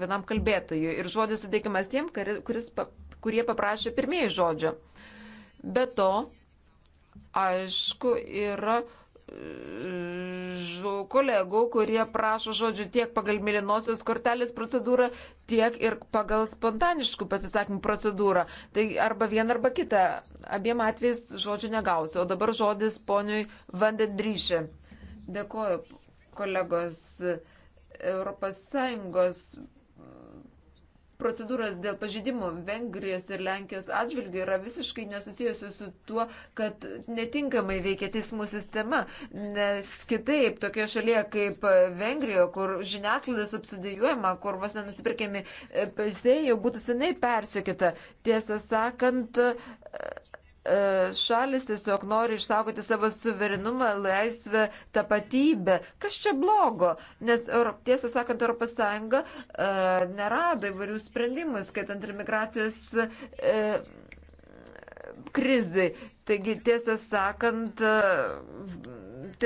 vienam kalbėtojui ir žodis suteikiamas tiem, kuris, kurie paprašė pirmieji žodžio. Be to, aišku, yra e, kolegų, kurie prašo žodžių tiek pagal mėlynosios kortelės procedūrą, tiek ir pagal spontaniškų pasisakymų procedūrą. Tai arba vieną, arba kitą. Abiem atvejais žodžių negausiu. O dabar žodis poniui Vandendryšė. Dėkoju, kolegos. Europos Sąjungos procedūros dėl pažydimo Vengrijos ir Lenkijos atžvilgių yra visiškai nesusijusi su tuo, kad netinkamai veikia teismų sistema, nes kitaip tokia šalyje kaip Vengrijoje, kur žiniasklaida subsidijuojama, kur vos nenusipirkėmi e, peisėjai, jau būtų senai persikita. Tiesą sakant, E, šalis tiesiog nori išsaugoti savo suverenumą, laisvę, tapatybę. Kas čia blogo? Nes, tiesą sakant, ES e, nerado įvairių sprendimų, skaitant ir migracijos e, krizai. Taigi, tiesą sakant,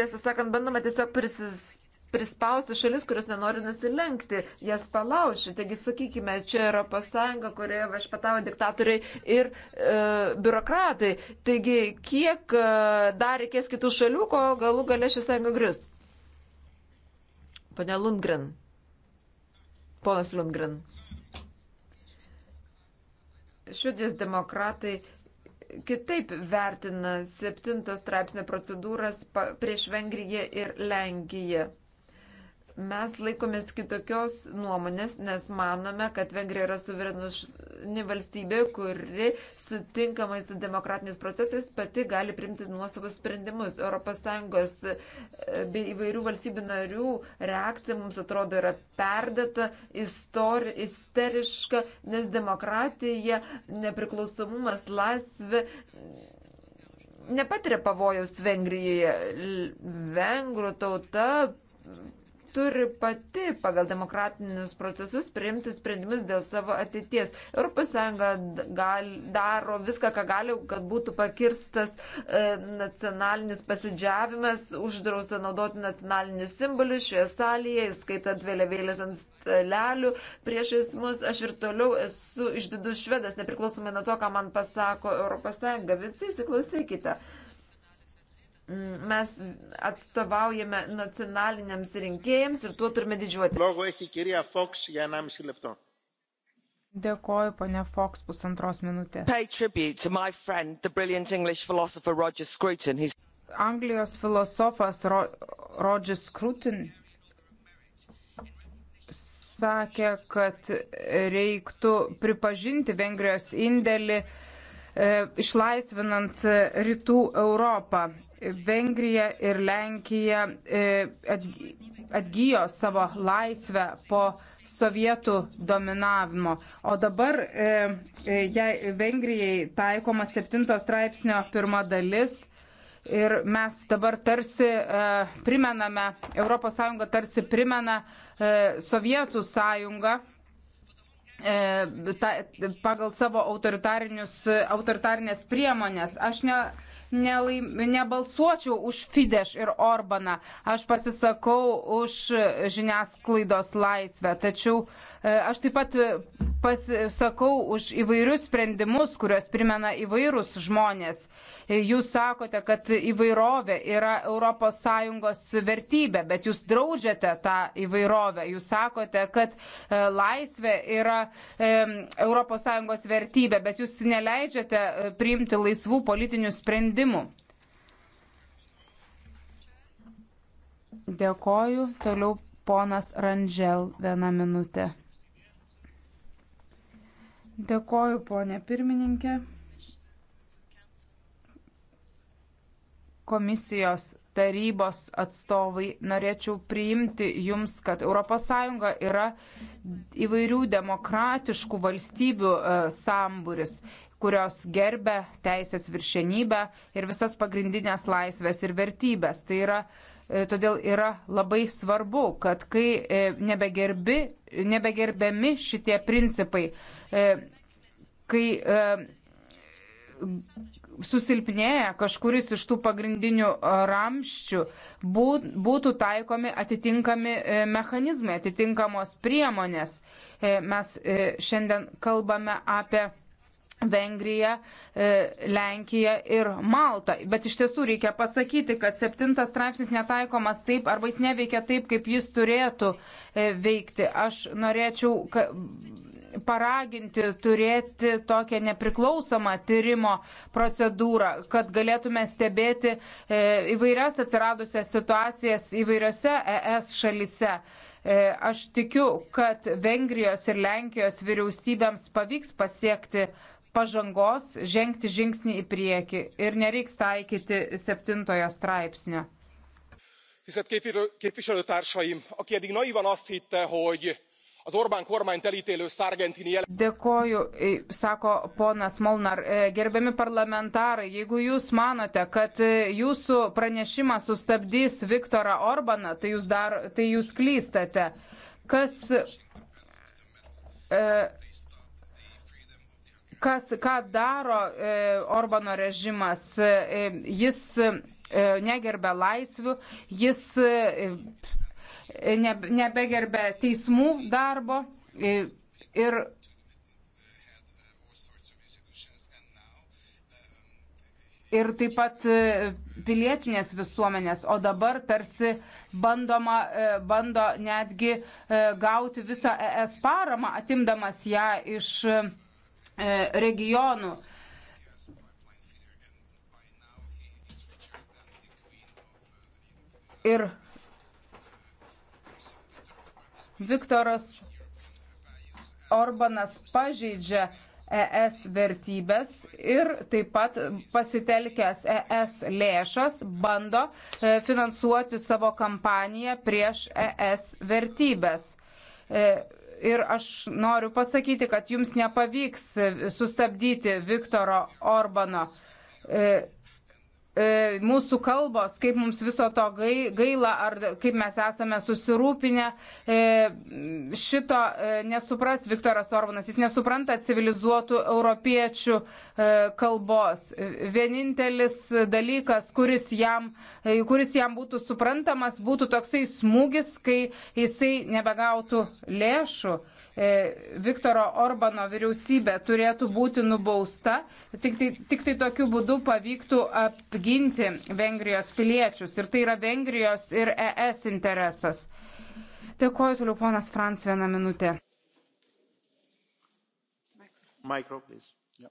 tiesą sakant, bandoma tiesiog prisis, prispausti šalis, kurios nenori nusilenkti, jas palaušti. Taigi, sakykime, čia Europos Sąjunga, kurioje vašpatavo diktatoriai ir e, biurokratai. Taigi, kiek e, dar reikės kitų šalių, kol galų gale ši sąjunga grius? Pane Lundgren. Ponas Lundgren. Švedijos demokratai kitaip vertina septinto straipsnio procedūras prieš Vengriją ir Lenkiją. Mes laikomės kitokios nuomonės, nes manome, kad Vengrija yra suvereni valstybė, kuri sutinkamai su demokratiniais procesais pati gali primti nuosavus sprendimus. ES e, bei įvairių valstybių narių reakcija mums atrodo yra perdėta, istori, isteriška, nes demokratija, nepriklausomumas, laisvė nepatiria pavojus Vengrijoje. Vengrų tauta turi pati pagal demokratinius procesus priimti sprendimus dėl savo ateities. ES daro viską, ką gali, kad būtų pakirstas e, nacionalinis pasidžiavimas, uždrausta naudoti nacionalinius simbolius šioje salėje, skaitant vėliavėlės ant stalelių. Priešais mus aš ir toliau esu išdidus švedas, nepriklausomai nuo to, ką man pasako ES. Visi įsiklausykite mes atstovaujame nacionaliniams rinkėjams ir tuo turime didžiuoti. Dėkoju, ponia Fox, pusantros minutės. Anglijos filosofas Ro Rodžis Scruton sakė, kad reiktų pripažinti Vengrijos indėlį e, išlaisvinant rytų Europą. Vengrija ir Lenkija e, atgyjo savo laisvę po sovietų dominavimo. O dabar e, e, jei Vengrijai taikoma 7 straipsnio pirma dalis ir mes dabar tarsi primename, ES tarsi primena Sovietų sąjungą ta, pagal savo autoritarinės priemonės. Aš ne, nelaim, nebalsuočiau už Fidesz ir Orbaną. Aš pasisakau už žiniasklaidos laisvę, tačiau e, aš taip pat pasisakau už įvairius sprendimus, kuriuos primena įvairūs žmonės. Jūs sakote, kad įvairovė yra ES vertybė, bet jūs draudžiate tą įvairovę. Jūs sakote, kad e, laisvė yra ES vertybė, bet jūs neleidžiate e, priimti laisvų politinių sprendimų. Dėkoju. Toliau ponas Randžel vieną minutę. Dėkoju, ponė pirmininkė. Komisijos tarybos atstovai, norėčiau priimti jums, kad ES yra įvairių demokratiškų valstybių e, sambūris kurios gerbė teisės viršenybę ir visas pagrindinės laisvės ir vertybės. Tai yra uh, E, todėl yra labai svarbu, kad kai e, nebegerbi, nebegerbiami šitie principai, e, kai susilpnėja kažkuris iš tų pagrindinių ramščių, būtų taikomi atitinkami mechanizmai, atitinkamos priemonės. Mes šiandien kalbame apie Vengrija, e, Lenkija ir Malta. Bet iš tiesų reikia pasakyti, kad septintas straipsnis netaikomas taip arba jis neveikia taip, kaip jis turėtų e, veikti. Aš norėčiau paraginti turėti tokią nepriklausomą tyrimo procedūrą, kad galėtume stebėti e, įvairias atsiradusias situacijas įvairiose ES šalise. Aš tikiu, kad Vengrijos ir Lenkijos vyriausybėms pavyks pasiekti uh, pažangos, žengti žingsnį į priekį ir nereiks taikyti septintojo straipsnio. Tisztelt képviselőtársaim, aki eddig naivan azt hitte, hogy az Orbán kormányt elítélő szargentini jelen... Dėkoju, sako ponas Molnar. E, gerbiami parlamentarai, jeigu jūs manote, kad e, jūsų pranešimą sustabdys Viktorą Orbaną, tai jūs, dar, tai jūs klystate. Kas... E, kas, ką daro e, Orbano režimas. E, e jis e, negerbė laisvių, jis e, e ne, nebegerbė teismų darbo. E, ir ir taip pat e, pilietinės visuomenės, o dabar tarsi bandoma, bando netgi gauti visą ES paramą, atimdamas ją iš E, regionų. Ir Viktoras Orbanas pažeidžia ES vertybės ir taip pat pasitelkęs ES lėšas bando e, finansuoti savo kampaniją prieš ES vertybės. E, ir aš noriu pasakyti, kad jums nepavyks sustabdyti Viktoro Orbano. E, E, mūsų kalbos, kaip mums viso to gaila, ar kaip mes esame susirūpinę, e, šito e, nesupras Viktoras Orbanas, jis nesupranta civilizuotų europiečių kalbos. Vienintelis dalykas, kuris jam, kuris jam būtų suprantamas, būtų toksai smūgis, kai jisai nebegautų lėšų. E, Viktoro Orbano vyriausybė turėtų būti nubausta, tik tai, tik tai tokiu būdu pavyktų apginti Vengrijos piliečius. Ir tai yra Vengrijos ir ES interesas. Dėkuoju toliau, ponas Frans, vieną minutę. Micro, please. Yeah.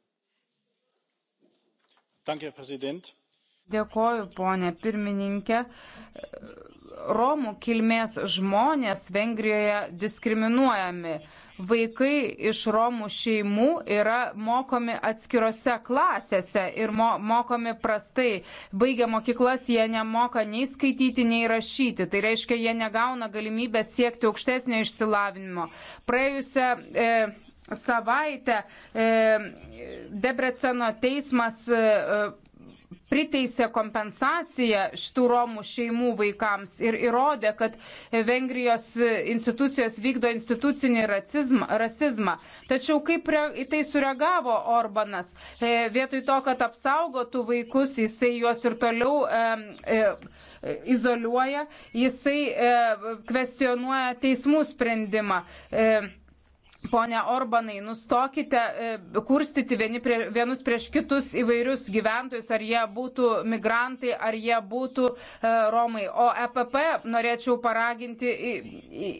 Danke, Herr Präsident Dėkoju, ponė pirmininkė. Romų kilmės žmonės Vengrijoje diskriminuojami. Vaikai iš Romų šeimų yra mokomi atskirose klasėse ir mo mokomi prastai. Baigę mokyklas jie nemoka nei skaityti, nei rašyti. Tai reiškia, jie negauna galimybę siekti aukštesnio išsilavinimo. Praėjusią e, savaitę e, Debreceno teismas. E, priteisė kompensaciją šitų Romų šeimų vaikams ir įrodė, kad Vengrijos institucijos vykdo institucinį racizmą. rasizmą. Tačiau kaip re, į tai sureagavo Orbanas? E, vietoj to, kad apsaugotų vaikus, jisai juos ir toliau e, e, izoliuoja, jisai e, kvestionuoja teismų sprendimą. E, Pone Orbanai, nustokite e, kurstyti vieni prie, vienus prieš kitus įvairius gyventojus, ar jie būtų migrantai, ar jie būtų e, Romai. O EPP norėčiau paraginti į, į,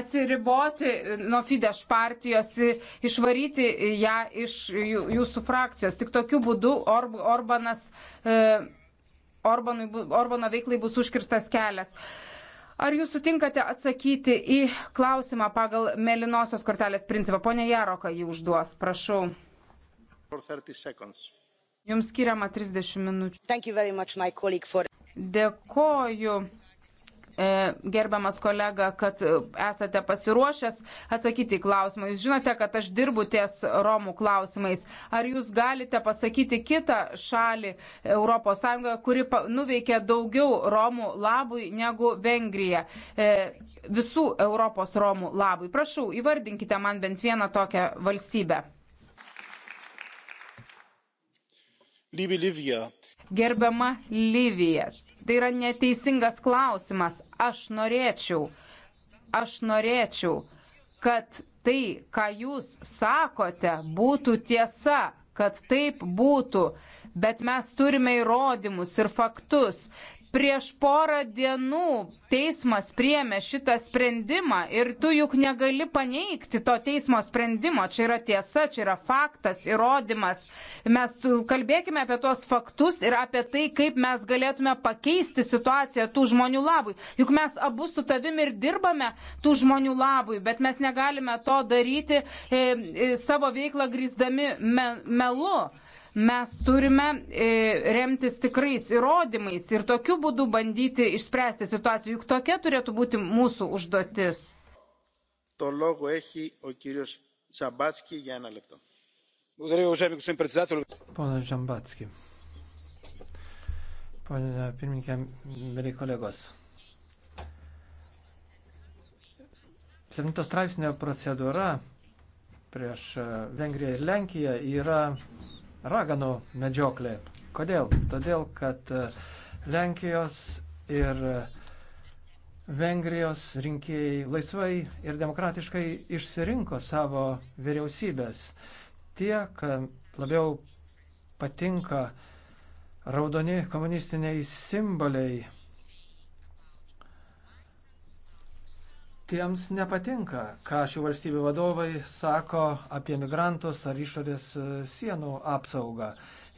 atsiriboti nuo Fidesz partijos, išvaryti ją iš jūsų frakcijos. Tik tokiu būdu Orb, Orbanas, e, Orbanui, Orbano veiklai bus užkirstas kelias. E, Ar jūs sutinkate atsakyti į klausimą pagal mėlynosios kortelės principą? Pone Jaroka jį užduos, prašau. Jums skiriama 30 minučių. Much, for... Dėkoju E, gerbiamas kolega, kad esate pasiruošęs atsakyti į klausimą. Jūs žinote, kad aš dirbu ties Romų klausimais. Ar jūs galite pasakyti kitą šalį ES, kuri nuveikė daugiau Romų labui negu Vengrija? E, visų Europos Romų labui. Prašau, įvardinkite man bent vieną tokią valstybę. Gerbiama Livija, Tai yra neteisingas klausimas. Aš norėčiau, aš norėčiau, kad tai, ką jūs sakote, būtų tiesa, kad taip būtų. Bet mes turime įrodymus ir faktus. Prieš porą dienų teismas priemė šitą sprendimą ir tu juk negali paneigti to teismo sprendimo. Čia yra tiesa, čia yra faktas, įrodymas. Mes kalbėkime apie tuos faktus ir apie tai, kaip mes galėtume pakeisti situaciją tų žmonių labui. Juk mes abu su tavim ir dirbame tų žmonių labui, bet mes negalime to daryti e, e, savo veiklą grįsdami me, melu. Mes turime e, remtis tikrais įrodymais ir tokiu būdu bandyti išspręsti situaciją, juk tokia turėtų būti mūsų užduotis. To logo echi o kirius Žambatski, vieną lėktą. Благодаря, уважаеми господин председател. Пана Жамбатски. Pane pirmininkė, mėly kolegos. 7 straipsnio procedūra prieš Vengriją ir Lenkiją yra raganų medžioklė. Kodėl? Todėl, kad e, Lenkijos ir e, Vengrijos rinkėjai laisvai ir demokratiškai išsirinko savo vyriausybės. Tie, kam labiau patinka raudoni komunistiniai simboliai, tiems nepatinka, ką šių valstybių vadovai sako apie migrantus ar išorės e, sienų apsaugą.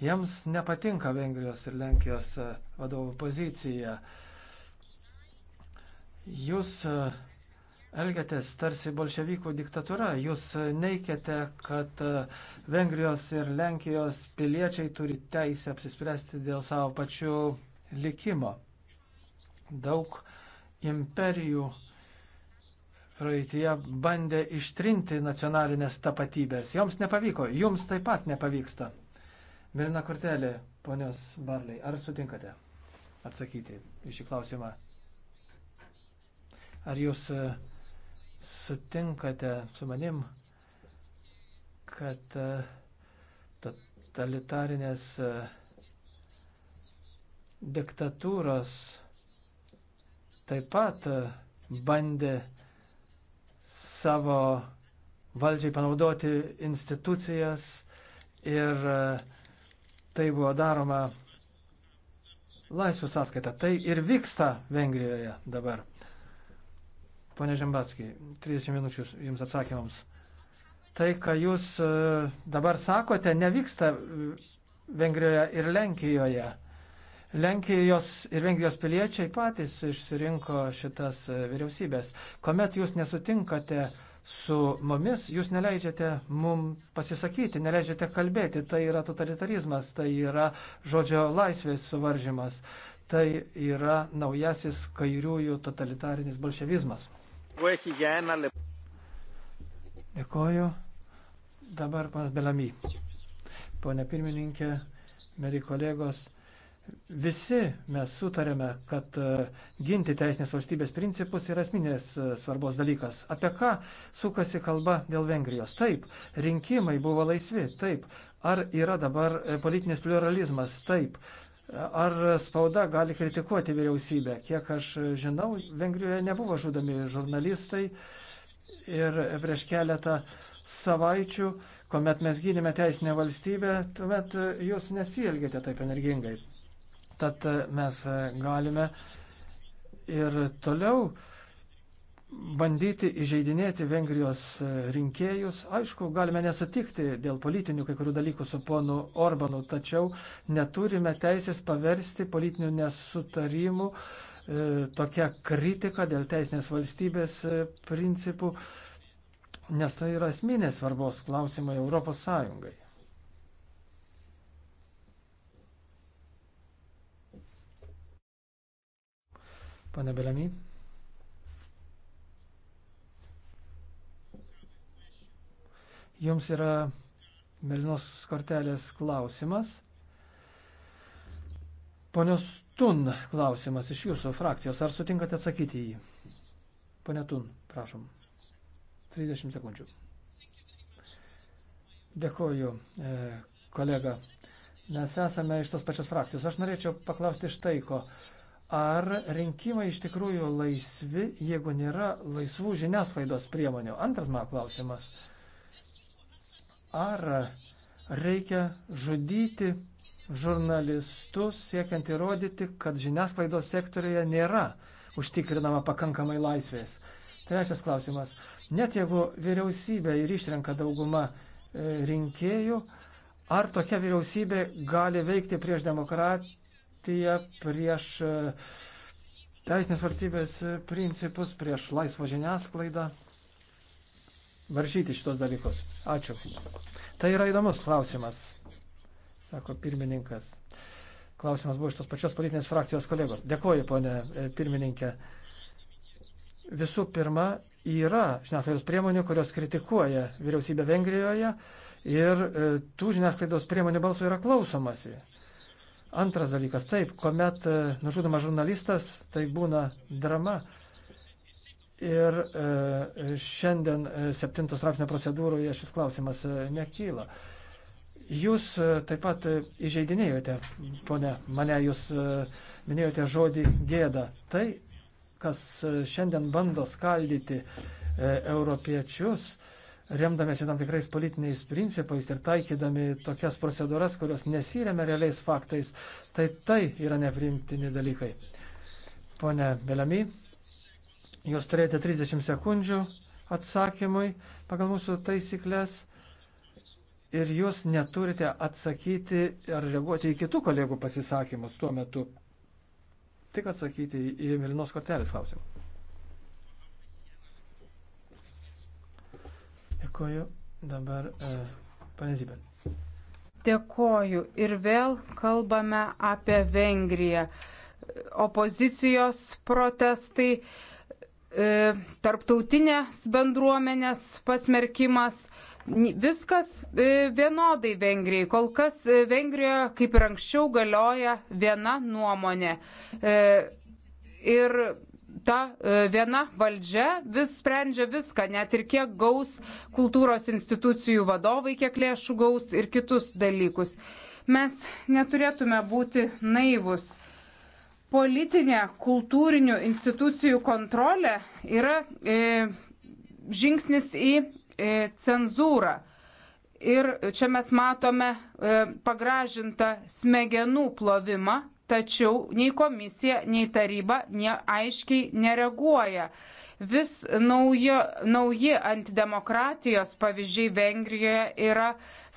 Jiems nepatinka Vengrijos ir Lenkijos e, vadovų pozicija. Jūs e, elgiatės tarsi bolševikų diktatūra. Jūs neikėte, kad Vengrijos ir Lenkijos piliečiai turi teisę apsispręsti dėl savo pačių likimo. Daug imperijų praeitie bandė ištrinti nacionalinės tapatybės. Joms nepavyko, jums taip pat nepavyksta. Mirina kortelė, ponios Barley, ar sutinkate atsakyti į šį klausimą? Ar jūs e, sutinkate su manim, kad e, totalitarinės e, diktatūros taip pat bandė savo valdžiai panaudoti institucijas ir e, tai buvo daroma laisvų sąskaita. Tai ir vyksta Vengrijoje dabar. Pone Žembatskiai, 30 minučių jums atsakymams. Tai, ką jūs e, dabar sakote, nevyksta Vengrijoje ir Lenkijoje. Lenkijos ir Vengrijos piliečiai patys išsirinko šitas e, vyriausybės. Komet jūs nesutinkate su mumis, jūs neleidžiate mum pasisakyti, neleidžiate kalbėti. Tai yra totalitarizmas, tai yra žodžio laisvės suvaržymas, tai yra naujasis kairiųjų totalitarinis bolševizmas. Dėkoju. Dabar pas Belamy. Pone pirmininkė, meri kolegos. Visi mes sutarėme, kad e, ginti teisinės valstybės principus yra esminės e, svarbos dalykas. Apie ką sukasi kalba dėl Vengrijos? Taip, rinkimai buvo laisvi, taip. Ar yra dabar e, politinis pluralizmas? Taip. Ar spauda gali kritikuoti vyriausybę? Kiek aš žinau, Vengrijoje nebuvo žudomi žurnalistai ir prieš keletą savaičių kuomet mes gynėme teisinę valstybę, tuomet jūs nesielgėte taip energingai. Tad mes galime ir toliau bandyti įžeidinėti Vengrijos rinkėjus. Aišku, galime nesutikti dėl politinių kai kurių dalykų su ponu Orbanu, tačiau neturime teisės paversti politinių nesutarimų e, tokia kritika dėl teisinės valstybės e, principų, nes tai yra asmenės svarbos klausimai Europos Sąjungai. Pane Belami. Jums yra Melinos kortelės klausimas. Ponios Tun klausimas iš jūsų frakcijos. Ar sutinkate atsakyti į jį? Pone Tun, prašom. 30 sekundžių. Dėkoju, e, kolega. Mes esame iš tos pačios frakcijos. Aš norėčiau paklausti iš tai, ko. E, ar rinkimai iš tikrųjų laisvi, jeigu nėra laisvų žiniasklaidos priemonių. Antras mano klausimas. Ar reikia žudyti žurnalistus, siekiant įrodyti, kad žiniasklaidos sektoriuje nėra užtikrinama pakankamai laisvės? Trečias klausimas. Net jeigu vyriausybė ir išrenka dauguma e, rinkėjų, ar tokia vyriausybė gali veikti prieš demokratiją? partiją prieš e, teisinės valstybės principus, prieš laisvą žiniasklaidą varžyti šitos dalykus. Ačiū. Tai yra įdomus klausimas, sako pirmininkas. Klausimas buvo iš tos pačios politinės frakcijos kolegos. Dėkoju, ponė e, pirmininkė. Visų pirma, yra žiniasklaidos priemonių, kurios kritikuoja vyriausybę Vengrijoje ir e, tų žiniasklaidos priemonių balsų yra klausomasi. Antras dalykas, taip, kuomet e, nužudoma žurnalistas, tai būna drama. Ir e, šiandien 7 e, straipsnio procedūroje šis klausimas nekyla. Jūs taip pat įžeidinėjote, ponė, mane jūs minėjote žodį gėda. Tai, kas šiandien bando skaldyti europiečius, remdamėsi tam tikrais politiniais principais ir taikydami tokias procedūras, kurios nesiremia realiais faktais, tai tai yra neprimtini dalykai. Pone Belami, jūs turėjote 30 sekundžių atsakymui pagal mūsų taisyklės ir jūs neturite atsakyti ar reaguoti į kitų kolegų pasisakymus tuo metu. Tik atsakyti į Milinos kortelės klausimą. Dėkoju. Dabar e, pane Zybel. Dėkoju. Ir vėl kalbame apie Vengriją. Opozicijos protestai, e, tarptautinės bendruomenės pasmerkimas, viskas e, vienodai Vengrijai. Kol kas e, Vengrijoje, kaip ir anksčiau, galioja viena nuomonė. E, ir ta e, viena valdžia vis sprendžia viską, net ir kiek gaus kultūros institucijų vadovai, kiek lėšų gaus ir kitus dalykus. Mes neturėtume būti naivus. Politinė kultūrinių institucijų kontrolė yra e, žingsnis į e, cenzūrą. Ir čia mes matome e, pagražintą smegenų plovimą, tačiau nei komisija, nei taryba neaiškiai nereaguoja. Vis naujo, nauji antidemokratijos pavyzdžiai Vengrijoje yra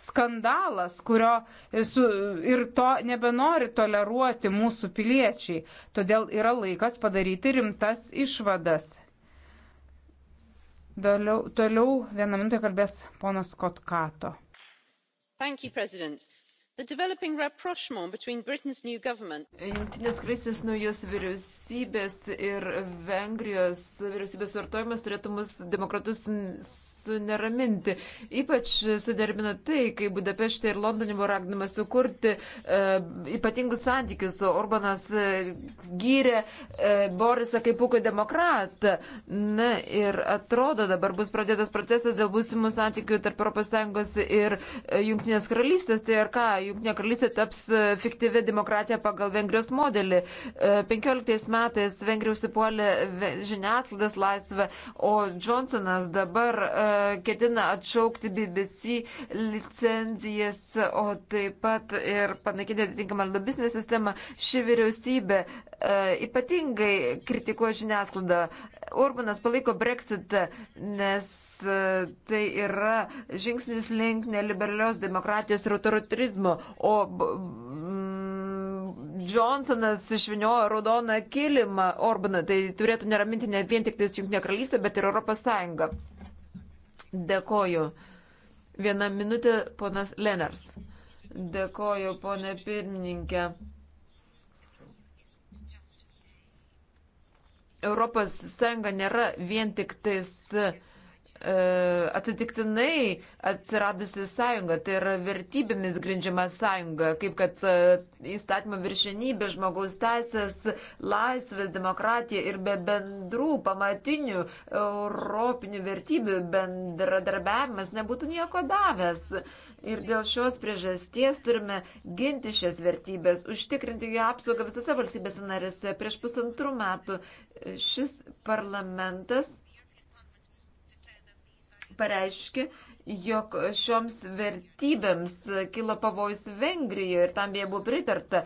skandalas, kurio su, ir to nebenori toleruoti mūsų piliečiai. Todėl yra laikas padaryti rimtas išvadas. Doliau, toliau vieną minutę kalbės ponas Kotkato. Thank you, President. Jungtinės karalystės naujos vyriausybės ir Vengrijos vyriausybės vartojimas turėtų mus demokratus suneraminti. Ypač sudermino tai, kai Budapešte ir Londone buvo raginama sukurti e, ypatingus santykius. Orbanas e, gyrė e, Borisą kaip puko demokratą. Na ir atrodo, dabar bus pradėtas procesas dėl būsimų santykių tarp ES ir e, Junktinės karalystės. Tai ar ką, Junktinė karalystė taps e, fiktyvi demokratija pagal Vengrijos modelį. E, 15 metais Vengrija užsipuolė žiniasklaidas laisvę, o Johnsonas dabar e, ketina atšaukti BBC licenzijas, o taip pat ir panaikinti atitinkamą lobistinę sistemą. Ši vyriausybė e, ypatingai kritikuoja žiniasklaidą. Urbanas palaiko Brexitą, nes e, tai yra žingsnis link neliberalios demokratijos ir autoritarizmo, o Johnsonas išviniojo raudoną kilimą Orbaną, tai turėtų neraminti ne vien tik tais Junktinė karalystė, bet ir Europos Sąjunga. Dėkoju. Vieną minutę, ponas Lenars. Dėkoju, ponė pirmininkė. Europos Sąjunga nėra vien tik tais uh, E, atsitiktinai atsiradusi sąjunga, tai yra vertybėmis grindžiama sąjunga, kaip kad e, įstatymo viršenybė, žmogaus teisės, laisvės, demokratija ir be bendrų pamatinių europinių vertybių bendradarbiavimas nebūtų nieko davęs. Ir dėl šios priežasties turime ginti šias vertybės, užtikrinti jų apsaugą visose valstybėse narėse. Prieš pusantrų metų šis parlamentas pareiškė, jog šioms vertybėms kilo pavojus Vengrijoje ir tam jie buvo pritarta.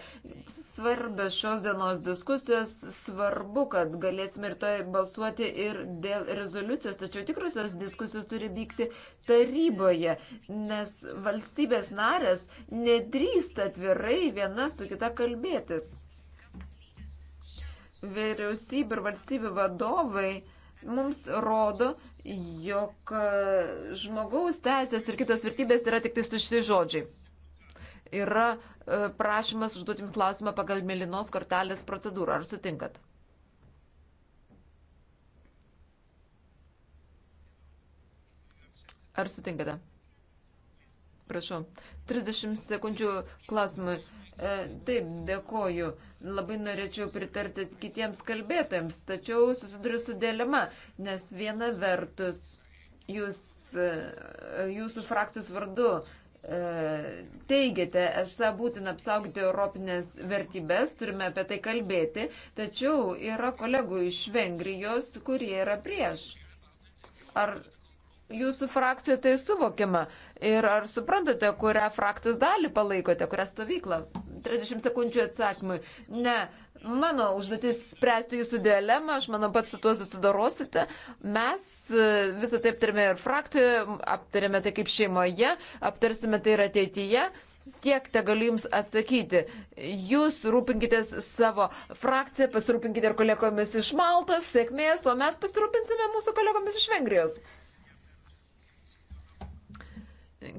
Svarbios šios dienos diskusijos, svarbu, kad galėsime ir toje balsuoti ir dėl rezoliucijos, tačiau tikrusios diskusijos turi vykti taryboje, nes valstybės narės nedrįsta atvirai viena su kita kalbėtis. Vyriausybė ir valstybių vadovai mums rodo, jog e, žmogaus teisės ir kitos vertybės yra tik tai tušti žodžiai. Yra e, prašymas užduoti jums klausimą pagal mėlynos kortelės procedūrą. Ar sutinkat? Ar sutinkate? Prašau. 30 sekundžių klausimui. E, taip, dėkoju. Labai norėčiau pritarti kitiems kalbėtams, tačiau susiduriu su dilema, nes viena vertus jūs, e, jūsų frakcijos vardu e, teigiate, esą būtina apsaugoti europinės vertybės, turime apie tai kalbėti, tačiau yra kolegų iš Vengrijos, kurie yra prieš. Ar jūsų frakcijoje tai suvokiama? Ir ar suprantate, kurią frakcijos dalį palaikote, kurią stovyklą? 30 sekundžių atsakymui. Ne, mano užduotis spręsti jūsų dilemą, aš manau, pats su tuo susidorosite. Mes e, visą tai aptarėme ir frakcijoje, aptarėme tai kaip šeimoje, aptarsime tai ir ateityje. Tiek te galiu Jums atsakyti. Jūs rūpinkitės savo frakciją, pasirūpinkite ir kolegomis iš Maltos, sėkmės, o mes pasirūpinsime mūsų kolegomis iš Vengrijos.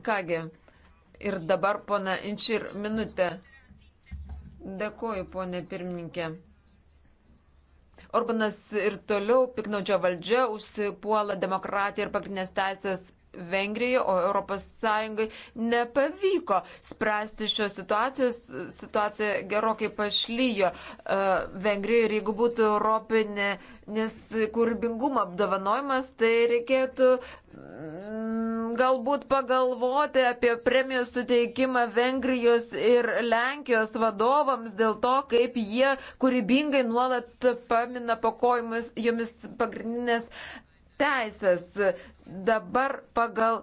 Kągi, ir dabar pona Inčir minutė. Dėkoju, ponė pirmininkė. Orbanas ir toliau piknaudžia valdžia, užsipuola demokratiją ir pagrindinės teisės Vengrijai, o ES nepavyko spręsti šios situacijos. Situacija gerokai pašlyjo e, Vengrijai ir jeigu būtų Europinė kūrybingumo apdovanojimas, tai reikėtų mm, galbūt pagalvoti apie premijos suteikimą Vengrijos ir Lenkijos vadovams dėl to, kaip jie kūrybingai nuolat pamina pakojimus jomis pagrindinės teisės. Dabar pagal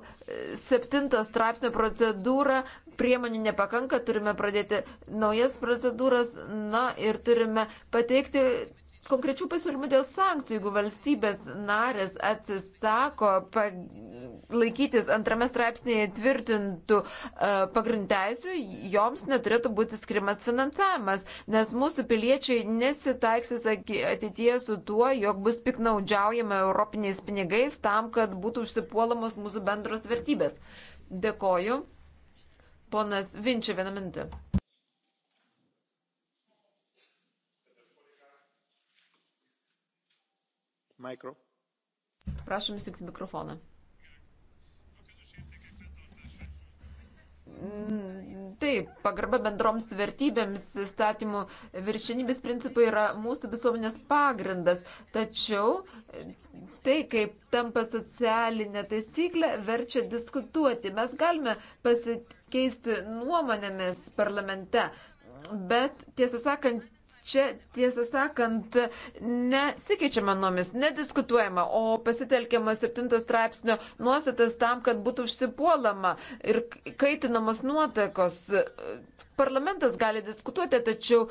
7 straipsnio procedūrą priemonių nepakanka, turime pradėti naujas procedūras, na ir turime pateikti konkrečių pasiūlymų dėl sankcijų, jeigu valstybės narės atsisako laikytis antrame straipsnėje tvirtintų e, pagrindteisių, joms neturėtų būti skirimas finansavimas, nes mūsų piliečiai nesitaiksis ateityje su tuo, jog bus piknaudžiaujama europiniais pinigais tam, kad būtų užsipuolamos mūsų bendros vertybės. Dėkoju. Ponas Vinčia, vieną minutę. Mikro. Prašom įsijungti mikrofoną. Mm, taip, pagarba bendroms vertybėms, statymų viršinybės principai yra mūsų visuomenės pagrindas. Tačiau tai, kaip tampa socialinė taisyklė, verčia diskutuoti. Mes galime pasikeisti nuomonėmis parlamente, bet tiesą sakant, Čia, tiesą sakant, nesikeičiama nuomis, nediskutuojama, o pasitelkiama 7 straipsnio nuostatas tam, kad būtų užsipuolama ir kaitinamos nuotaikos Parlamentas gali diskutuoti, tačiau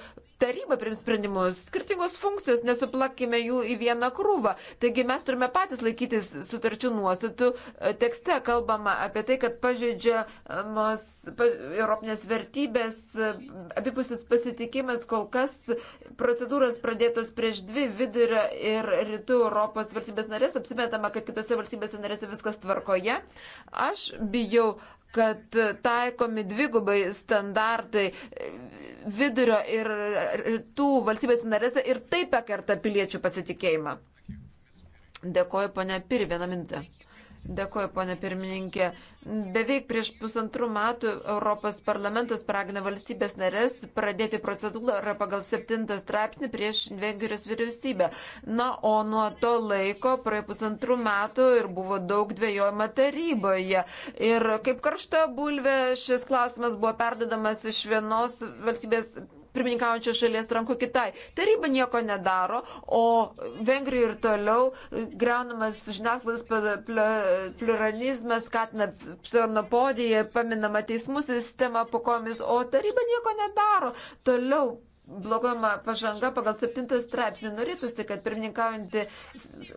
taryba prims sprendimus. Skirtingos funkcijos, nesuplakime jų į vieną krūvą. Taigi mes turime patys laikytis sutarčių nuostatų. Tekste kalbama apie tai, kad pažeidžiamos europinės vertybės, abipusis pasitikimas, kol kas procedūros pradėtos prieš dvi vidurio ir rytų Europos valstybės narės, apsimetama, kad kitose valstybėse narėse viskas tvarkoje. Aš bijau kad taikomi dvigubai standartai vidurio ir rytų valstybės narėse ir taip pakerta piliečių pasitikėjimą. Dėkoju, ponia Piri, vieną minutę. Dėkuoju, ponė pirmininkė. Beveik prieš pusantrų metų Europos parlamentas paragino valstybės narės pradėti procedūrą pagal septintą straipsnį prieš Vengrijos vyriausybę. Na, o nuo to laiko, praėjo pusantrų metų ir buvo daug dvėjojama taryboje. Ir kaip karšta bulvė, šis klausimas buvo perdodamas iš vienos valstybės pirmininkaujančios šalies rankų kitai. Taryba nieko nedaro, o Vengrija ir toliau e, greunamas žiniasklaidos pluralizmas, skatina pseudopodiją, paminama teismų sistema po komis, o taryba nieko nedaro. Toliau blogojama pažanga pagal 7 straipsnį. Norėtųsi, kad pirmininkaujantį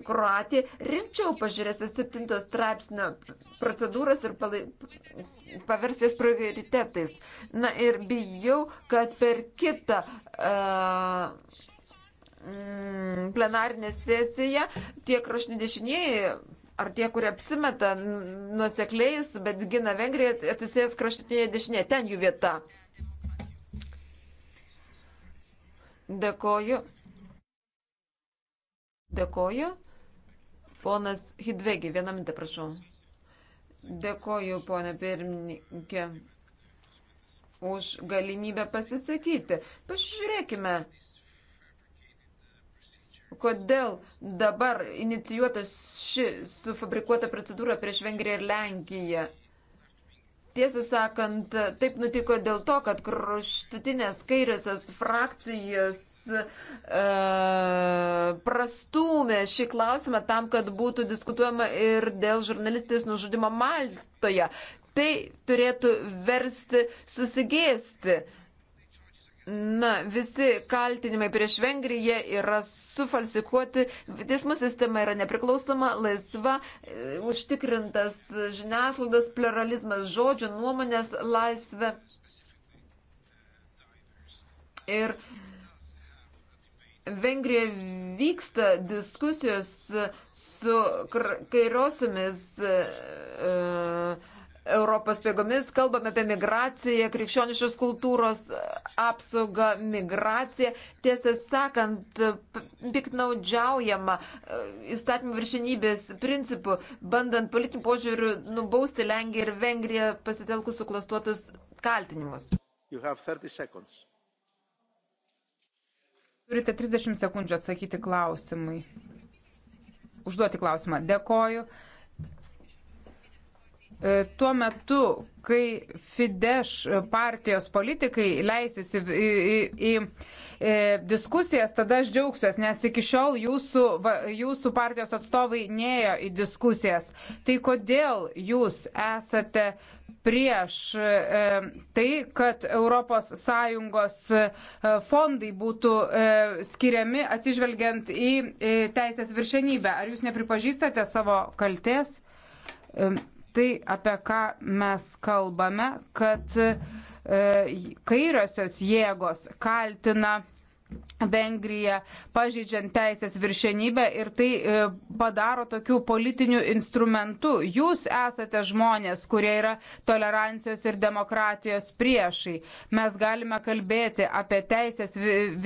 Kroatiją rimčiau pažiūrės 7 straipsnio procedūras ir palai paversti jas prioritetais. Na ir bijau, kad per kitą uh, plenarinę sesiją tie kraštiniai dešinieji ar tie, kurie apsimeta nusekliais, bet gina Vengriją, atsisės kraštinėje dešinėje, ten jų vieta. Dėkoju. Dėkoju. Ponas Hidvegi, vieną minutę prašau. Dėkoju, ponė pirmininkė, už galimybę pasisakyti. Pažiūrėkime, kodėl dabar inicijuota ši sufabrikuota procedūra prieš Vengriją ir Lenkiją. Tiesą sakant, taip nutiko dėl to, kad kraštutinės kairiosios frakcijos E, prastumė šį klausimą tam, kad būtų diskutuojama ir dėl žurnalistės nužudimo Maltoje. Tai turėtų versti susigėsti. Na, visi kaltinimai prieš Vengriją yra sufalsikuoti, teismų sistema yra nepriklausoma, laisva, e, užtikrintas žiniasklaidos pluralizmas, žodžio, nuomonės laisvė. Ir uh, Vengrijoje vyksta diskusijos su kairiosiomis e, e, Europos pėgomis, kalbame apie migraciją, krikščioniškos kultūros e, apsaugą, migraciją. Tiesą sakant, piknaudžiaujama įstatymų viršinybės principų, bandant politinių požiūrių nubausti Lenkiją ir Vengriją pasitelkus suklastuotus kaltinimus. Turite 30 sekundžių atsakyti klausimui. Užduoti klausimą. Dėkoju. E, tuo metu, kai Fidesz partijos politikai leisis į, į, į, į e, diskusijas, tada aš džiaugsiuosi, nes iki šiol jūsų, jūsų partijos atstovai neėjo į diskusijas. Tai kodėl jūs esate prieš e, tai, kad ES e, fondai būtų e, skiriami atsižvelgiant į e, teisės viršenybę? Ar jūs nepripažįstate savo kalties? E, tai, apie ką mes kalbame, kad e, kairiosios jėgos kaltina Vengrija, pažeidžiant teisės viršenybę ir tai e, padaro tokių politinių instrumentų. Jūs esate žmonės, kurie yra tolerancijos ir demokratijos priešai. Mes galime kalbėti apie teisės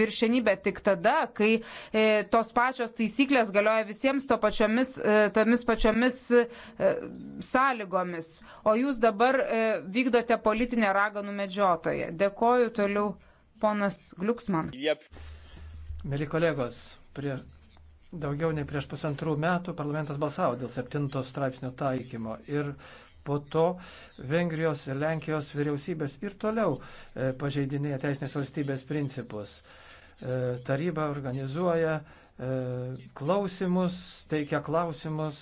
viršenybę tik tada, kai e, tos pačios taisyklės galioja visiems to pačiomis, e, tomis pačiomis sąlygomis. O jūs dabar vykdote politinę raganų medžiotoją. Dėkoju toliau. Ponas Gliuksman. Yep. Mėly kolegos, prie daugiau nei prieš pusantrų metų parlamentas balsavo dėl septinto straipsnio taikymo ir po to Vengrijos ir Lenkijos vyriausybės ir toliau e, pažeidinėja teisinės valstybės principus. E, taryba organizuoja e, klausimus, teikia klausimus,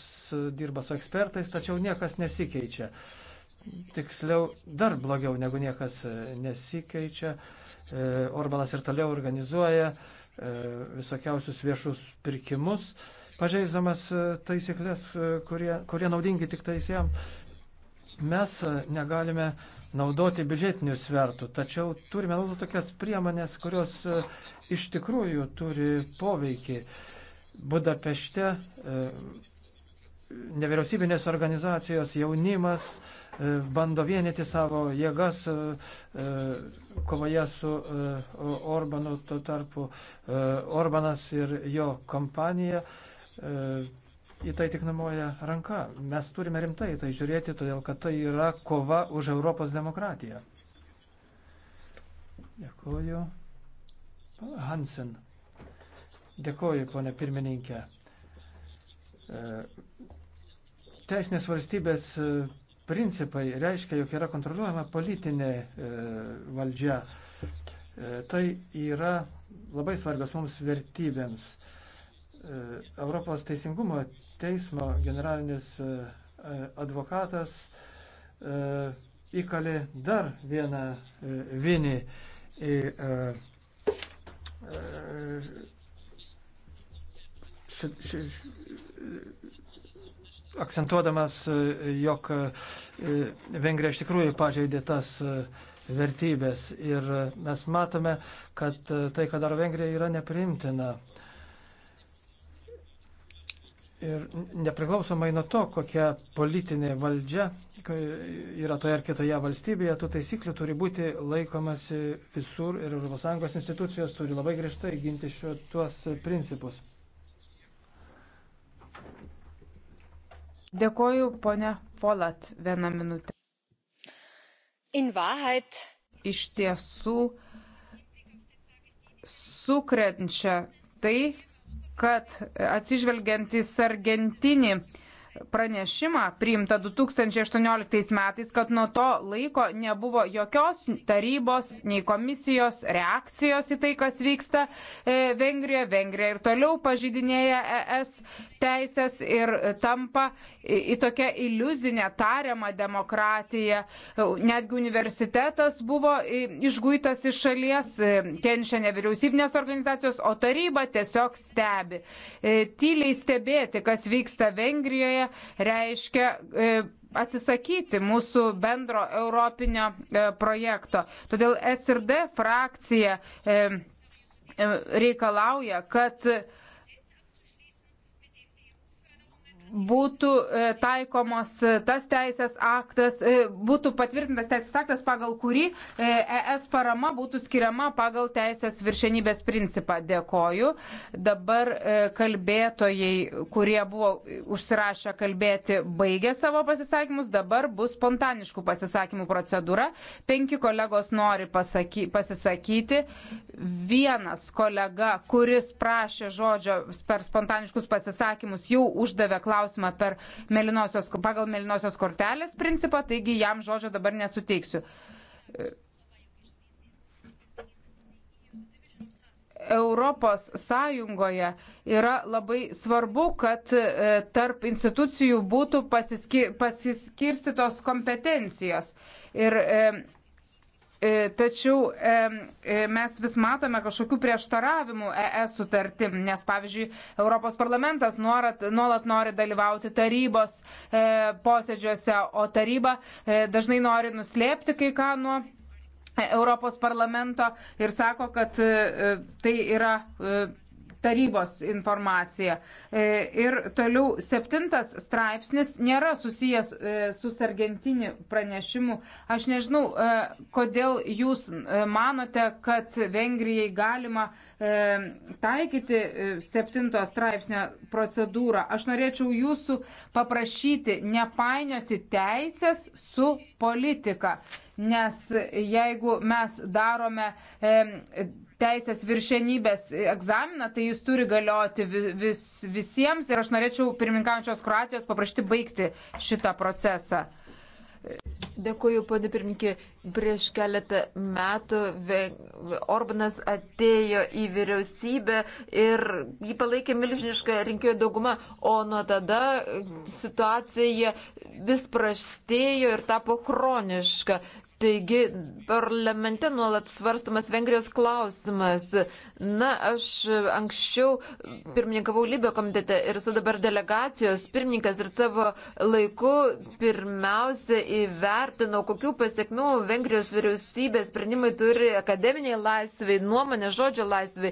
dirba su ekspertais, tačiau niekas nesikeičia. Tiksliau, dar blogiau negu niekas e, nesikeičia. E, E, Orbanas ir toliau organizuoja e, visokiausius viešus pirkimus, pažeisdamas e, taisyklės, kurie, kurie naudingi tik tais jam. Mes negalime naudoti biudžetinių svertų, tačiau turime naudoti tokias priemonės, kurios iš tikrųjų turi poveikį. Budapešte nevyriausybinės organizacijos, jaunimas e, bando vienyti savo jėgas e, e, kovoje su Orbanu, tuo tarpu Orbanas ir jo kompanija į tai tik namoja ranka. Mes turime rimtai tai žiūrėti, todėl kad tai yra kova už Europos demokratiją. Dėkuoju. Hansen. Dėkuoju, ponė pirmininkė Teisinės valstybės e, principai reiškia, jog yra kontroliuojama politinė e, valdžia. E, tai yra labai svarbios mums vertybėms. Europos teisingumo teismo generalinis advokatas įkalė dar vieną vinį į šit, šit, šit, akcentuodamas, jog e, Vengrija iš tikrųjų pažeidė tas e, vertybės. Ir e, mes matome, kad tai, ką daro Vengrija, yra neprimtina. Ir nepriklausomai nuo to, kokia politinė valdžia yra toje ar kitoje valstybėje, tų taisyklių turi būti laikomasi visur ir ES institucijos turi labai griežtai ginti šiuos principus. Dėkoju, ponia Folat, vieną minutę. Wahrheit... Iš tiesų sukrenčia tai, kad atsižvelgiant į sargentinį pranešimą priimtą 2018 metais, kad nuo to laiko nebuvo jokios tarybos nei komisijos reakcijos į tai, kas vyksta e, Vengrijoje. Vengrija ir toliau pažydinėja ES teisės ir tampa į tokią iliuzinę tariamą demokratiją. Netgi universitetas buvo e, išguitas iš šalies, e, kenčia nevyriausybinės organizacijos, o taryba tiesiog stebi. Tyliai stebėti, kas vyksta Vengrijoje pozicija reiškia e, atsisakyti mūsų bendro europinio e, projekto. Todėl SRD frakcija e, reikalauja, kad būtų e, taikomos e, tas teisės aktas, e, būtų patvirtintas teisės aktas, pagal kurį ES parama būtų skiriama pagal teisės viršenybės principą. Dėkoju. Dabar kalbėtojai, kurie buvo užsirašę kalbėti, baigė savo pasisakymus. Dabar bus spontaniškų pasisakymų procedūra. Penki kolegos nori pasaky, pasisakyti. Vienas kolega, kuris prašė žodžio per spontaniškus pasisakymus, jau uždavė klausimą klausimą per melinosios, pagal melinosios kortelės principą, taigi jam žodžio dabar nesuteiksiu. Europos Sąjungoje yra labai svarbu, kad e, tarp institucijų būtų pasiski, pasiskirstytos kompetencijos. Ir e, E, tačiau e, e, mes vis matome kažkokių prieštaravimų ES sutartim, nes pavyzdžiui, Europos parlamentas nuolat, nuolat nori dalyvauti tarybos posėdžiuose, o taryba dažnai nori nuslėpti kai ką nuo Europos parlamento ir sako, kad tai yra tarybos informacija. E, ir toliau septintas straipsnis nėra susijęs e, su sargentiniu pranešimu. Aš nežinau, e, kodėl jūs manote, kad Vengrijai galima taikyti septinto straipsnio procedūrą. Aš norėčiau jūsų paprašyti nepainioti teisės su politika. Nes jeigu mes darome e, teisės viršenybės egzaminą, tai jis turi galioti vis, visiems ir aš norėčiau pirmininkaujančios Kroatijos paprašyti baigti šitą procesą. Dėkuoju, ponė pirmininkė. Prieš keletą metų Orbanas atėjo į vyriausybę ir jį palaikė milžinišką rinkėjų daugumą, o nuo tada situacija vis praštėjo ir tapo chroniška. Taigi parlamente nuolat svarstamas Vengrijos klausimas. Na, aš anksčiau pirmininkavau Libio komitete ir esu dabar delegacijos pirmininkas ir savo laiku pirmiausia įvertinau, kokių pasiekmių Vengrija. Vengrijos vyriausybės sprendimai turi akademiniai laisvai, nuomonė žodžio laisvai.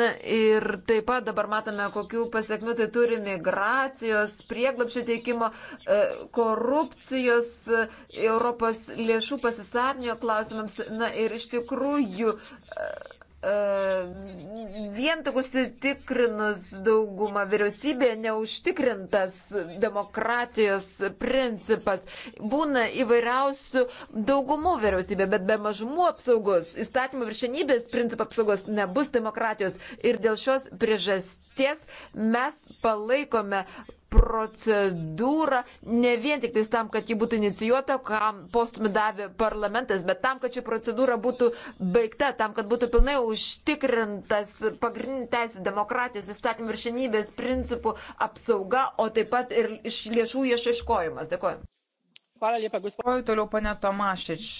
Na ir taip pat dabar matome, kokių pasiekmių tai turi migracijos, prieglapšio teikimo, e, korupcijos, e, Europos lėšų pasisavnio klausimams. Na ir iš tikrųjų e, Ehm, vien tik užsitikrinus daugumą vyriausybėje neužtikrintas demokratijos principas. Būna įvairiausių daugumų vyriausybė, bet be mažumų apsaugos, įstatymų viršenybės principų apsaugos nebus demokratijos. Ir dėl šios priežasties mes palaikome procedūrą ne vien tik tam, kad ji būtų inicijuota, kam postumį davė parlamentas, bet tam, kad ši procedūra būtų baigta, tam, kad būtų pilnai užtikrintas pagrindinių teisų demokratijos įstatymų viršinybės principų apsauga, o taip pat ir iš lėšų ieškojimas. Dėkuoju. Hvala lijepa, gospodine. Toliau, pane Tomašič.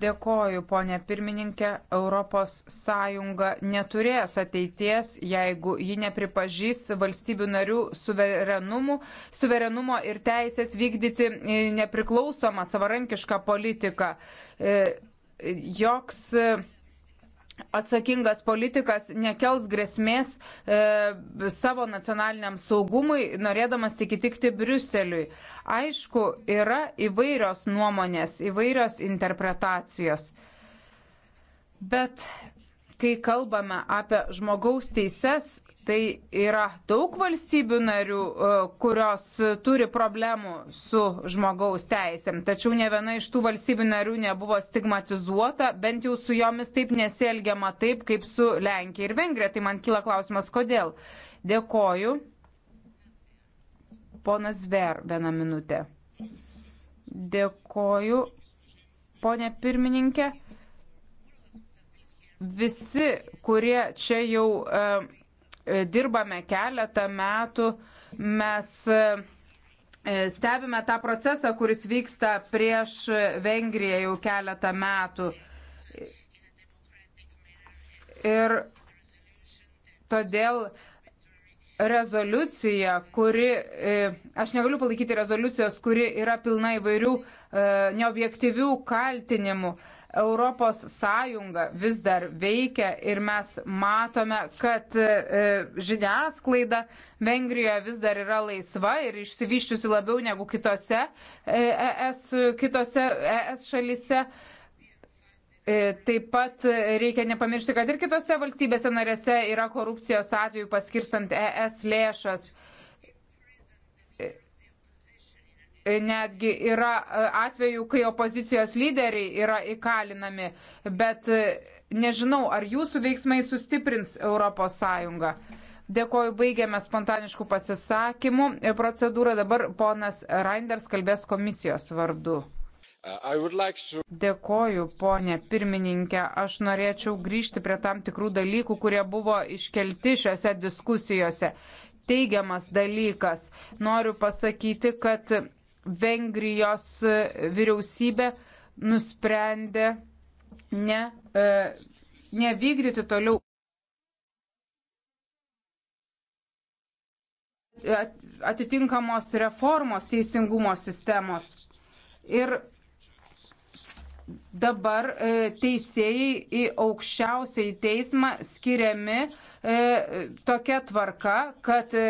Dėkoju, ponė pirmininkė. Europos Sąjunga neturės ateities, jeigu ji nepripažys valstybių narių suverenumo ir teisės vykdyti e, nepriklausomą savarankišką politiką. E, joks atsakingas politikas nekels grėsmės e, savo nacionaliniam saugumui, norėdamas tik įtikti Briuseliui. Aišku, yra įvairios nuomonės, įvairios interpretacijos. Bet kai kalbame apie žmogaus teises, tai yra daug valstybių narių, e, kurios turi problemų su žmogaus teisėm. Tačiau ne viena iš tų valstybių narių nebuvo stigmatizuota, bent jau su jomis taip nesielgiama taip, kaip su Lenkija ir Vengrija. Tai man kyla klausimas, kodėl. Dėkoju. Ponas Ver, vieną minutę. Dėkoju, ponė pirmininkė. Visi, kurie čia jau e, e dirbame keletą metų, mes. E, e, stebime tą procesą, kuris vyksta prieš Vengriją jau keletą metų. Ir todėl rezoliucija, kuri, e, aš negaliu palaikyti rezoliucijos, kuri yra pilna įvairių neobjektyvių kaltinimų. Europos Sąjunga vis dar veikia ir mes matome, kad e, žiniasklaida Vengrijoje vis dar yra laisva ir išsivyščiusi labiau negu kitose ES, e kitose ES šalise. E, taip pat reikia nepamiršti, kad ir kitose valstybėse narėse yra korupcijos atveju paskirstant ES lėšas. netgi yra e, atvejų, kai opozicijos lyderiai yra įkalinami, bet e, nežinau, ar jūsų veiksmai sustiprins ES. Dėkoju, baigėme spontaniškų pasisakymų e, procedūrą. Dabar ponas Reinders kalbės komisijos vardu. Uh, like to... Dėkoju, ponė pirmininkė. Aš norėčiau grįžti prie tam tikrų dalykų, kurie buvo iškelti šiuose diskusijose teigiamas dalykas. Noriu pasakyti, kad Vengrijos e, vyriausybė nusprendė ne, e, nevykdyti toliau atitinkamos reformos teisingumo sistemos. Ir dabar e, teisėjai į aukščiausiai teismą skiriami E, tokia tvarka, kad e,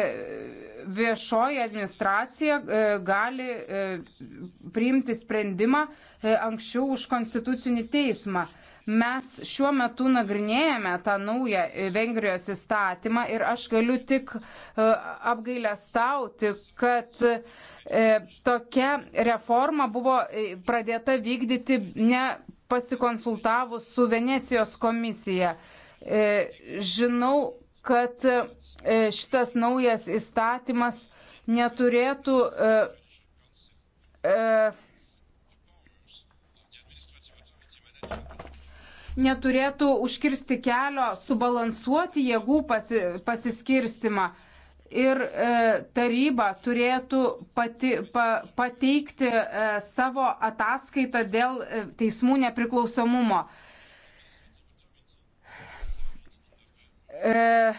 viešoji administracija e, gali priimti sprendimą anksčiau už konstitucinį teismą. Mes šiuo metu nagrinėjame tą naują Vengrijos įstatymą ir aš galiu tik apgailę stauti, kad tokia reforma buvo pradėta vykdyti ne pasikonsultavus su Venecijos komisija. E, žinau, kad e, šitas naujas įstatymas neturėtų e, neturėtų užkirsti kelio subalansuoti jėgų pasi, pasiskirstimą. Ir e, taryba turėtų pati, pa, pateikti e, savo ataskaitą dėl e, teismų nepriklausomumo. E, E,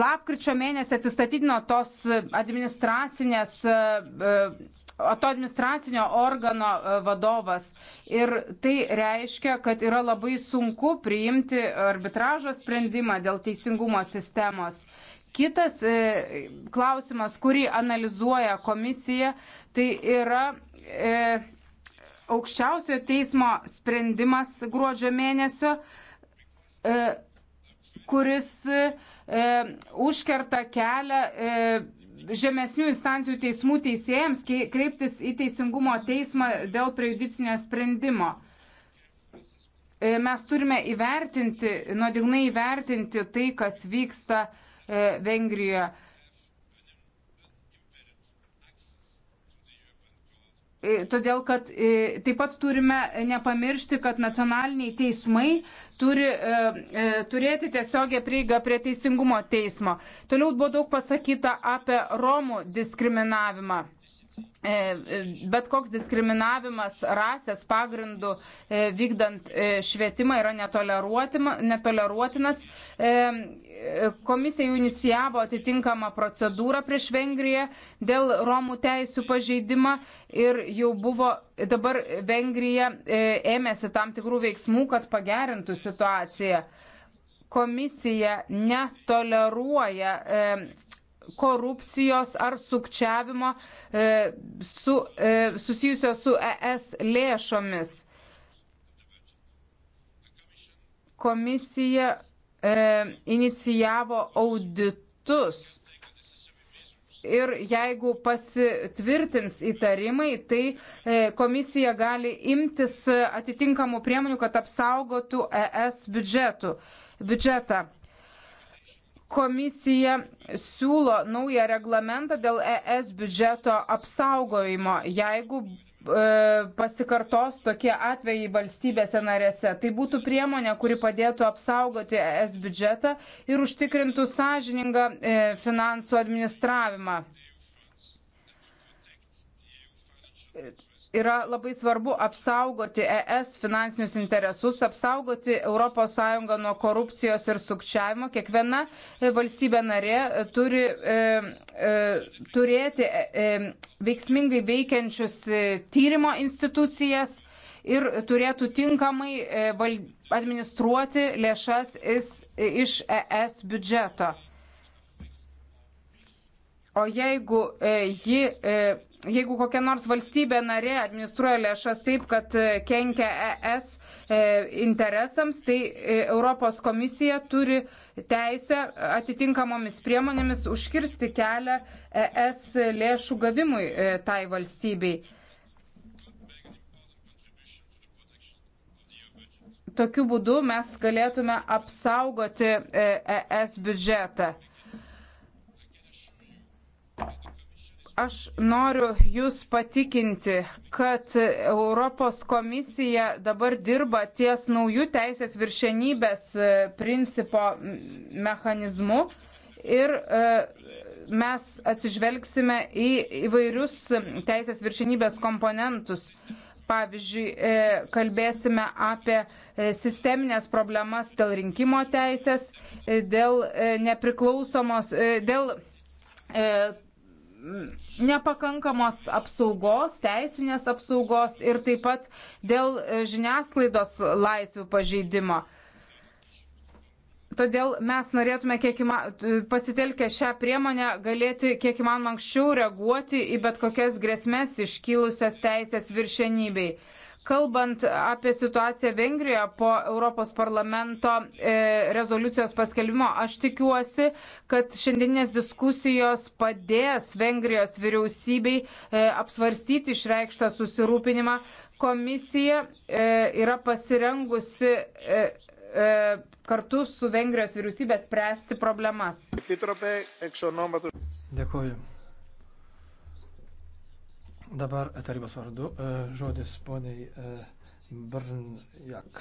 lapkričio mėnesį atsistatydino tos administracinės, e, e, to administracinio organo vadovas. Ir tai reiškia, kad yra labai sunku priimti arbitražo sprendimą dėl teisingumo sistemos. Kitas klausimas, kurį analizuoja komisija, tai yra aukščiausiojo teismo sprendimas gruodžio mėnesio kuris e, e, užkerta kelią e, žemesnių instancijų teismų teisėjams kreiptis į teisingumo teismą dėl prejudicinio sprendimo. E, mes turime įvertinti, nuodignai įvertinti tai, kas vyksta e, Vengrijoje. E, todėl kad e, taip pat turime nepamiršti, kad nacionaliniai teismai turi e, e turėti tiesiogę prieigą prie teisingumo teismo. Toliau buvo daug pasakyta apie Romų diskriminavimą. E, bet koks diskriminavimas rasės pagrindų e, vykdant e, švietimą yra netoleruotinas. E, komisija jau inicijavo atitinkamą procedūrą prieš Vengriją dėl Romų teisų pažeidimą ir jau buvo, dabar Vengrija e, ėmėsi tam tikrų veiksmų, kad pagerintų situaciją. Komisija netoleruoja e, korupcijos ar sukčiavimo e, su, susijusio su ES lėšomis. Komisija e, inicijavo auditus. Ir jeigu pasitvirtins įtarimai, tai e, komisija gali imtis atitinkamų priemonių, kad apsaugotų ES biudžetų, biudžetą komisija siūlo naują reglamentą dėl ES biudžeto apsaugojimo, jeigu E, pasikartos tokie atvejai valstybėse narėse. Tai būtų priemonė, kuri padėtų apsaugoti es biudžetą ir užtikrintų sąžiningą e, finansų administravimą yra labai svarbu apsaugoti ES finansinius interesus, apsaugoti ES nuo korupcijos ir sukčiavimo. Kiekviena e, valstybė narė e, turi e, e, turėti e, e veiksmingai veikiančius tyrimo institucijas ir turėtų tinkamai administruoti lėšas iš ES biudžeto. O jeigu ji jeigu kokia nors valstybė narė administruoja lėšas taip, kad e, kenkia ES e, interesams, tai e, Europos komisija turi teisę atitinkamomis priemonėmis užkirsti kelią ES lėšų gavimui tai valstybei. Tokiu būdu mes galėtume apsaugoti ES biudžetą. Aš noriu Jūs patikinti, kad Europos komisija dabar dirba ties naujų teisės viršenybės e, principo mechanizmu ir e, mes atsižvelgsime į įvairius teisės viršenybės komponentus pavyzdžiui, e, kalbėsime apie sisteminės problemas dėl rinkimo teisės, dėl nepriklausomos, dėl nepakankamos apsaugos, teisinės apsaugos ir taip pat dėl e, žiniasklaidos laisvių pažeidimo. Todėl mes norėtume, kiek įma, pasitelkę šią priemonę, galėti kiek įmanoma anksčiau reaguoti į bet kokias grėsmės iškilusias teisės viršenybei. Kalbant apie situaciją Vengrijoje po Europos parlamento e, rezoliucijos paskelbimo, aš tikiuosi, kad šiandieninės diskusijos padės Vengrijos vyriausybei e, apsvarstyti išreikštą susirūpinimą. Komisija e, yra pasirengusi kartu su Vengrijos vyriausybė spręsti problemas. Dėkuoju. Dabar tarybos vardu e, žodis poniai e, Brnjak.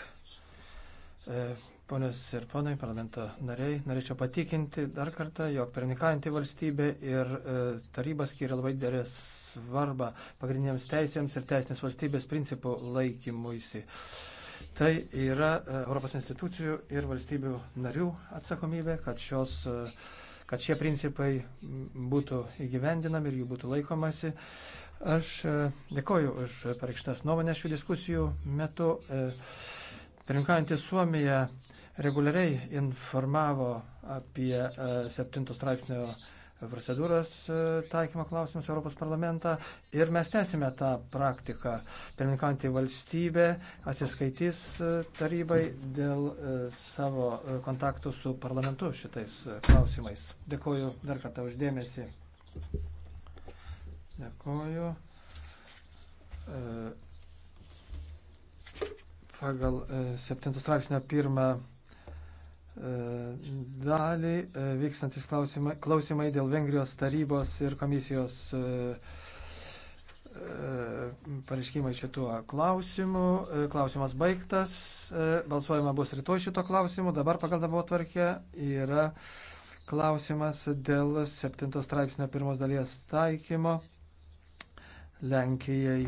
E, ponios ir ponai, parlamento nariai, norėčiau patikinti dar kartą, jog pirmininkaujantį valstybę ir taryba skiria labai didelę svarbą pagrindiniams teisėms ir teisinės valstybės principų laikymuisi. Tai yra Europos institucijų ir valstybių narių atsakomybė, kad šios kad šie principai būtų įgyvendinami ir jų būtų laikomasi. Aš e, dėkoju už pareikštas nuomonės šių diskusijų metu. E, Pirinkaujantį Suomiją reguliariai informavo apie 7 e, straipsnio procedūros taikymo klausimus Europos parlamentą ir mes tęsime tą praktiką. Pirmininkaujantį valstybę atsiskaitys tarybai dėl savo kontaktų su parlamentu šitais klausimais. Dėkoju dar kartą uždėmesi. Dėkoju. E, pagal 7 e, straipsnio pirmą e, dalį vykstantis klausimai, klausimai dėl Vengrijos tarybos ir komisijos pareiškimai šituo klausimu. Klausimas baigtas. Balsuojama bus rytoj šito klausimu. Dabar pagal darbo tvarkę yra klausimas dėl 7 straipsnio pirmos dalies taikymo. Lenkijai.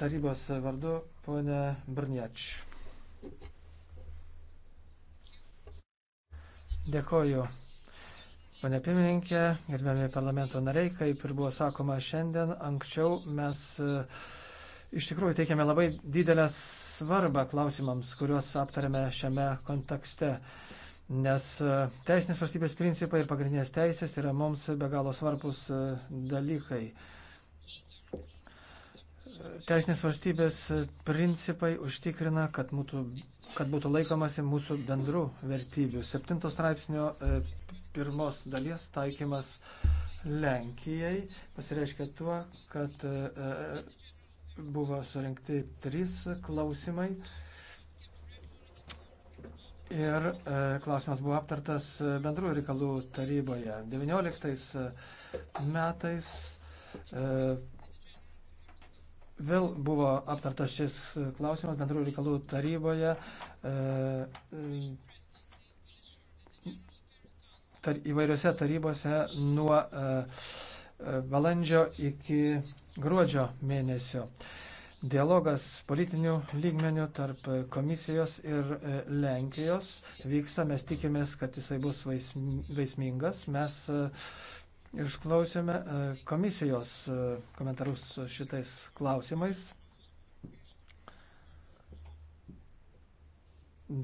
Tarybos vardu ponė Brniač. Dėkoju. Pane pirmininkė, gerbiami parlamento nariai, kaip ir buvo sakoma šiandien, anksčiau mes e, iš tikrųjų teikiame labai didelę svarbą klausimams, kuriuos aptarėme šiame kontekste nes e, teisinės valstybės principai ir pagrindinės teisės yra mums be galo svarbus e, dalykai. Teisinės valstybės e, principai užtikrina, kad, mūtų, kad būtų laikomasi mūsų bendrų vertybių. Septintos straipsnio pirmos dalies taikymas Lenkijai pasireiškia tuo, kad buvo surinkti trys klausimai Ir e, klausimas buvo aptartas e, bendrųjų reikalų taryboje. 19 e, metais e, vėl buvo aptartas šis e, klausimas bendrųjų reikalų taryboje. E, tar, įvairiose tarybose nuo e, balandžio iki gruodžio mėnesio. E, Dialogas politinių lygmenių tarp komisijos ir e, Lenkijos vyksta. Mes tikimės, kad jisai bus vaismingas. Mes e, išklausėme e, komisijos komentarus šitais klausimais.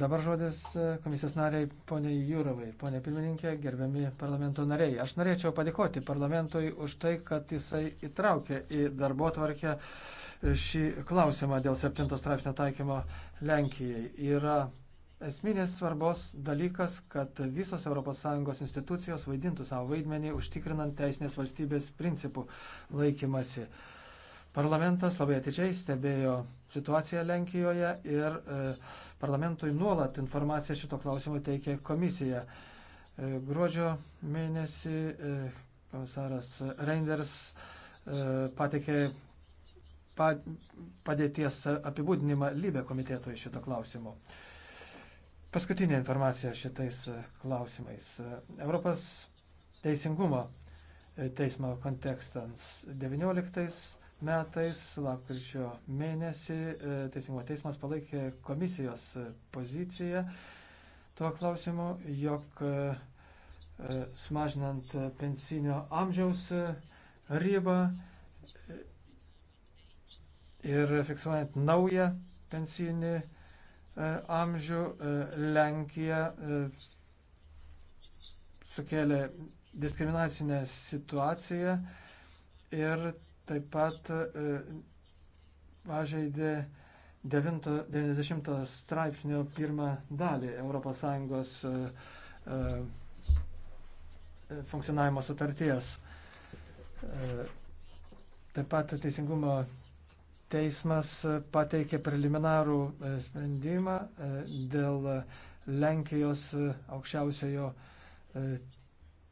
Dabar žodis komisijos nariai, poniai Jūrovai, ponė pirmininkė, gerbiami parlamento nariai. Aš norėčiau padėkoti parlamentui už tai, kad jisai įtraukė į darbo tvarkę uh, šį klausimą dėl 7 straipsnio taikymo Lenkijai. Yra esminės svarbos dalykas, kad visos ES institucijos vaidintų savo vaidmenį užtikrinant teisinės valstybės principų laikymasi. Parlamentas labai atidžiai stebėjo situaciją Lenkijoje ir e, parlamentui nuolat informaciją šito klausimu teikė komisija. E, gruodžio mėnesį e, komisaras Reinders e, pateikė padėties apibūdinimą Libė komitetui šito klausimu. Paskutinė informacija šitais klausimais. Europos teisingumo teismo kontekstams 19 metais, lapkričio mėnesį, teisingumo teismas palaikė komisijos poziciją tuo klausimu, jog e, sumažinant pensinio amžiaus ribą ir fiksuojant naują pensinį e, amžių, e, Lenkija e, sukėlė diskriminacinę situaciją ir taip pat pažeidė 90 straipsnio pirmą dalį ES funkcionavimo sutarties. Taip pat Teisingumo teismas pateikė preliminarų e, sprendimą e, dėl Lenkijos e, aukščiausiojo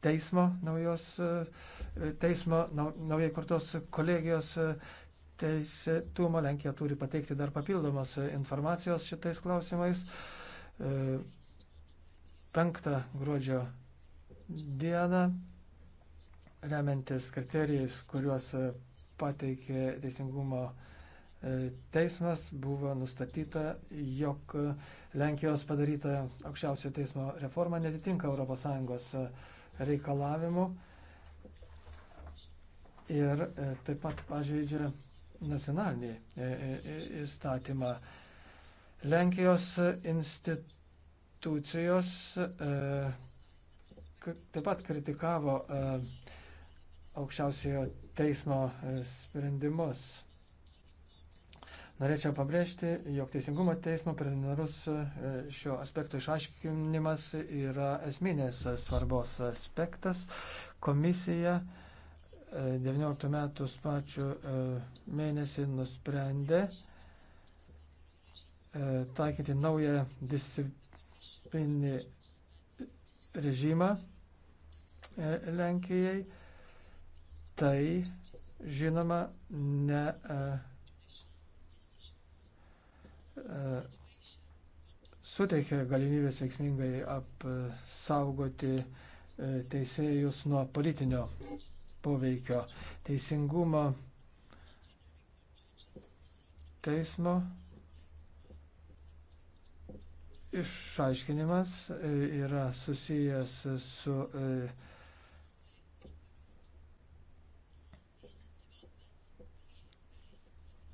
teismo, naujos, teismo naujai kurtos kolegijos teisėtumo. Lenkija turi pateikti dar papildomas informacijos šitais klausimais. 5 gruodžio dieną, remiantis kriterijais, kuriuos pateikė Teisingumo E, teismas buvo nustatyta, jog Lenkijos padaryta aukščiausio teismo reforma netitinka ES e, reikalavimų ir e, taip pat pažeidžia nacionalinį įstatymą. Lenkijos institucijos taip pat kritikavo aukščiausiojo teismo sprendimus. Norėčiau pabrėžti, jog Teisingumo teismo preliminarus e, šio aspekto išaiškinimas yra esminės svarbos aspektas. Komisija 19 e, metų spačio e, mėnesį nusprendė taikyti naują disciplinį režimą Lenkijai. Tai, žinoma, ne. A, suteikia galimybės veiksmingai apsaugoti e, teisėjus nuo politinio poveikio teisingumo teismo išaiškinimas e, yra susijęs su e,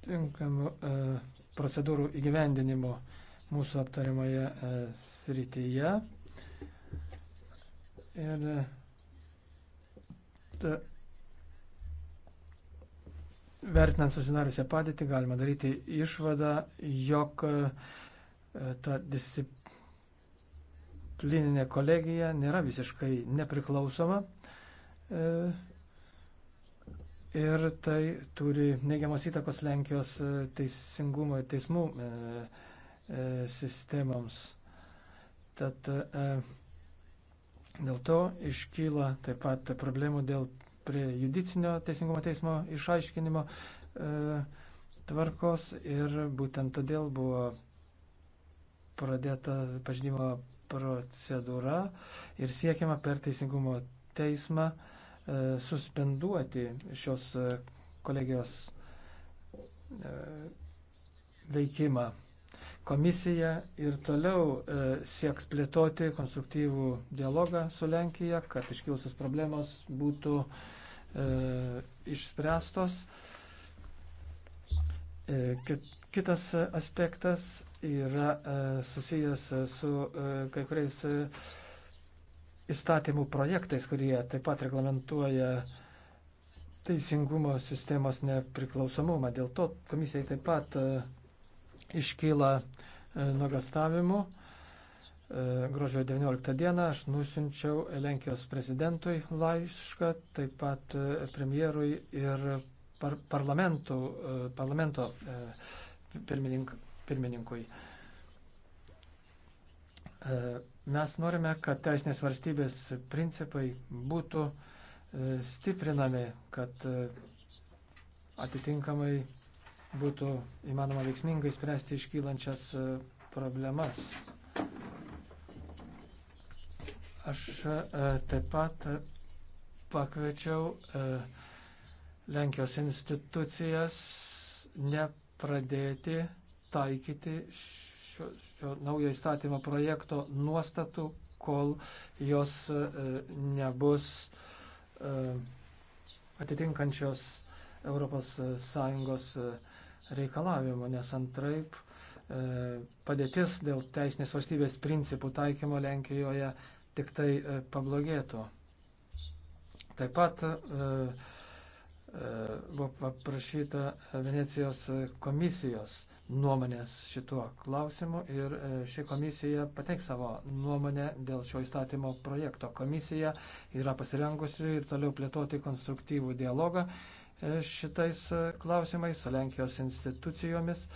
tinkamu uh, procedūrų įgyvendinimo mūsų aptariamoje e, srityje. Ir ta, e, vertinant susidariusią padėtį, galima daryti išvadą, jog e, ta disciplininė kolegija nėra visiškai nepriklausoma. E, ir tai turi neigiamas įtakos Lenkijos e, teisingumo ir teismų e, e, sistemoms. Tad e, dėl to iškyla taip pat problemų dėl prie judicinio teisingumo teismo išaiškinimo e, tvarkos ir būtent todėl buvo pradėta pažinimo procedūra ir siekiama per teisingumo teismą e, E, suspenduoti šios e, kolegijos e, veikimą. Komisija ir toliau sieks plėtoti konstruktyvų dialogą su Lenkija, kad iškilusios problemos būtų išspręstos. Kitas aspektas yra susijęs su kai kuriais įstatymų projektais, kurie taip pat reglamentuoja teisingumo sistemos nepriklausomumą. Dėl to komisijai taip pat e, iškyla e, nuogastavimų. E, gruodžio 19 dieną aš nusinčiau Lenkijos prezidentui laišką, taip pat premjerui ir par parlamento pirmininkui. Mes norime, kad teisinės valstybės principai būtų e, stiprinami, kad e, atitinkamai būtų įmanoma veiksmingai spręsti iškylančias e, problemas. Aš taip pat pakviečiau Lenkijos institucijas nepradėti taikyti šio, šio naujo įstatymo projekto nuostatų, kol jos e, nebus e, atitinkančios ES e, reikalavimo, nes antraip padėtis dėl teisinės valstybės principų taikymo Lenkijoje tik tai pablogėtų. Taip pat buvo paprašyta Venecijos komisijos nuomonės šituo klausimu ir e, ši komisija pateiks savo nuomonę dėl šio įstatymo projekto. Komisija yra pasirengusi ir toliau plėtoti konstruktyvų dialogą e, šitais e, klausimais su Lenkijos institucijomis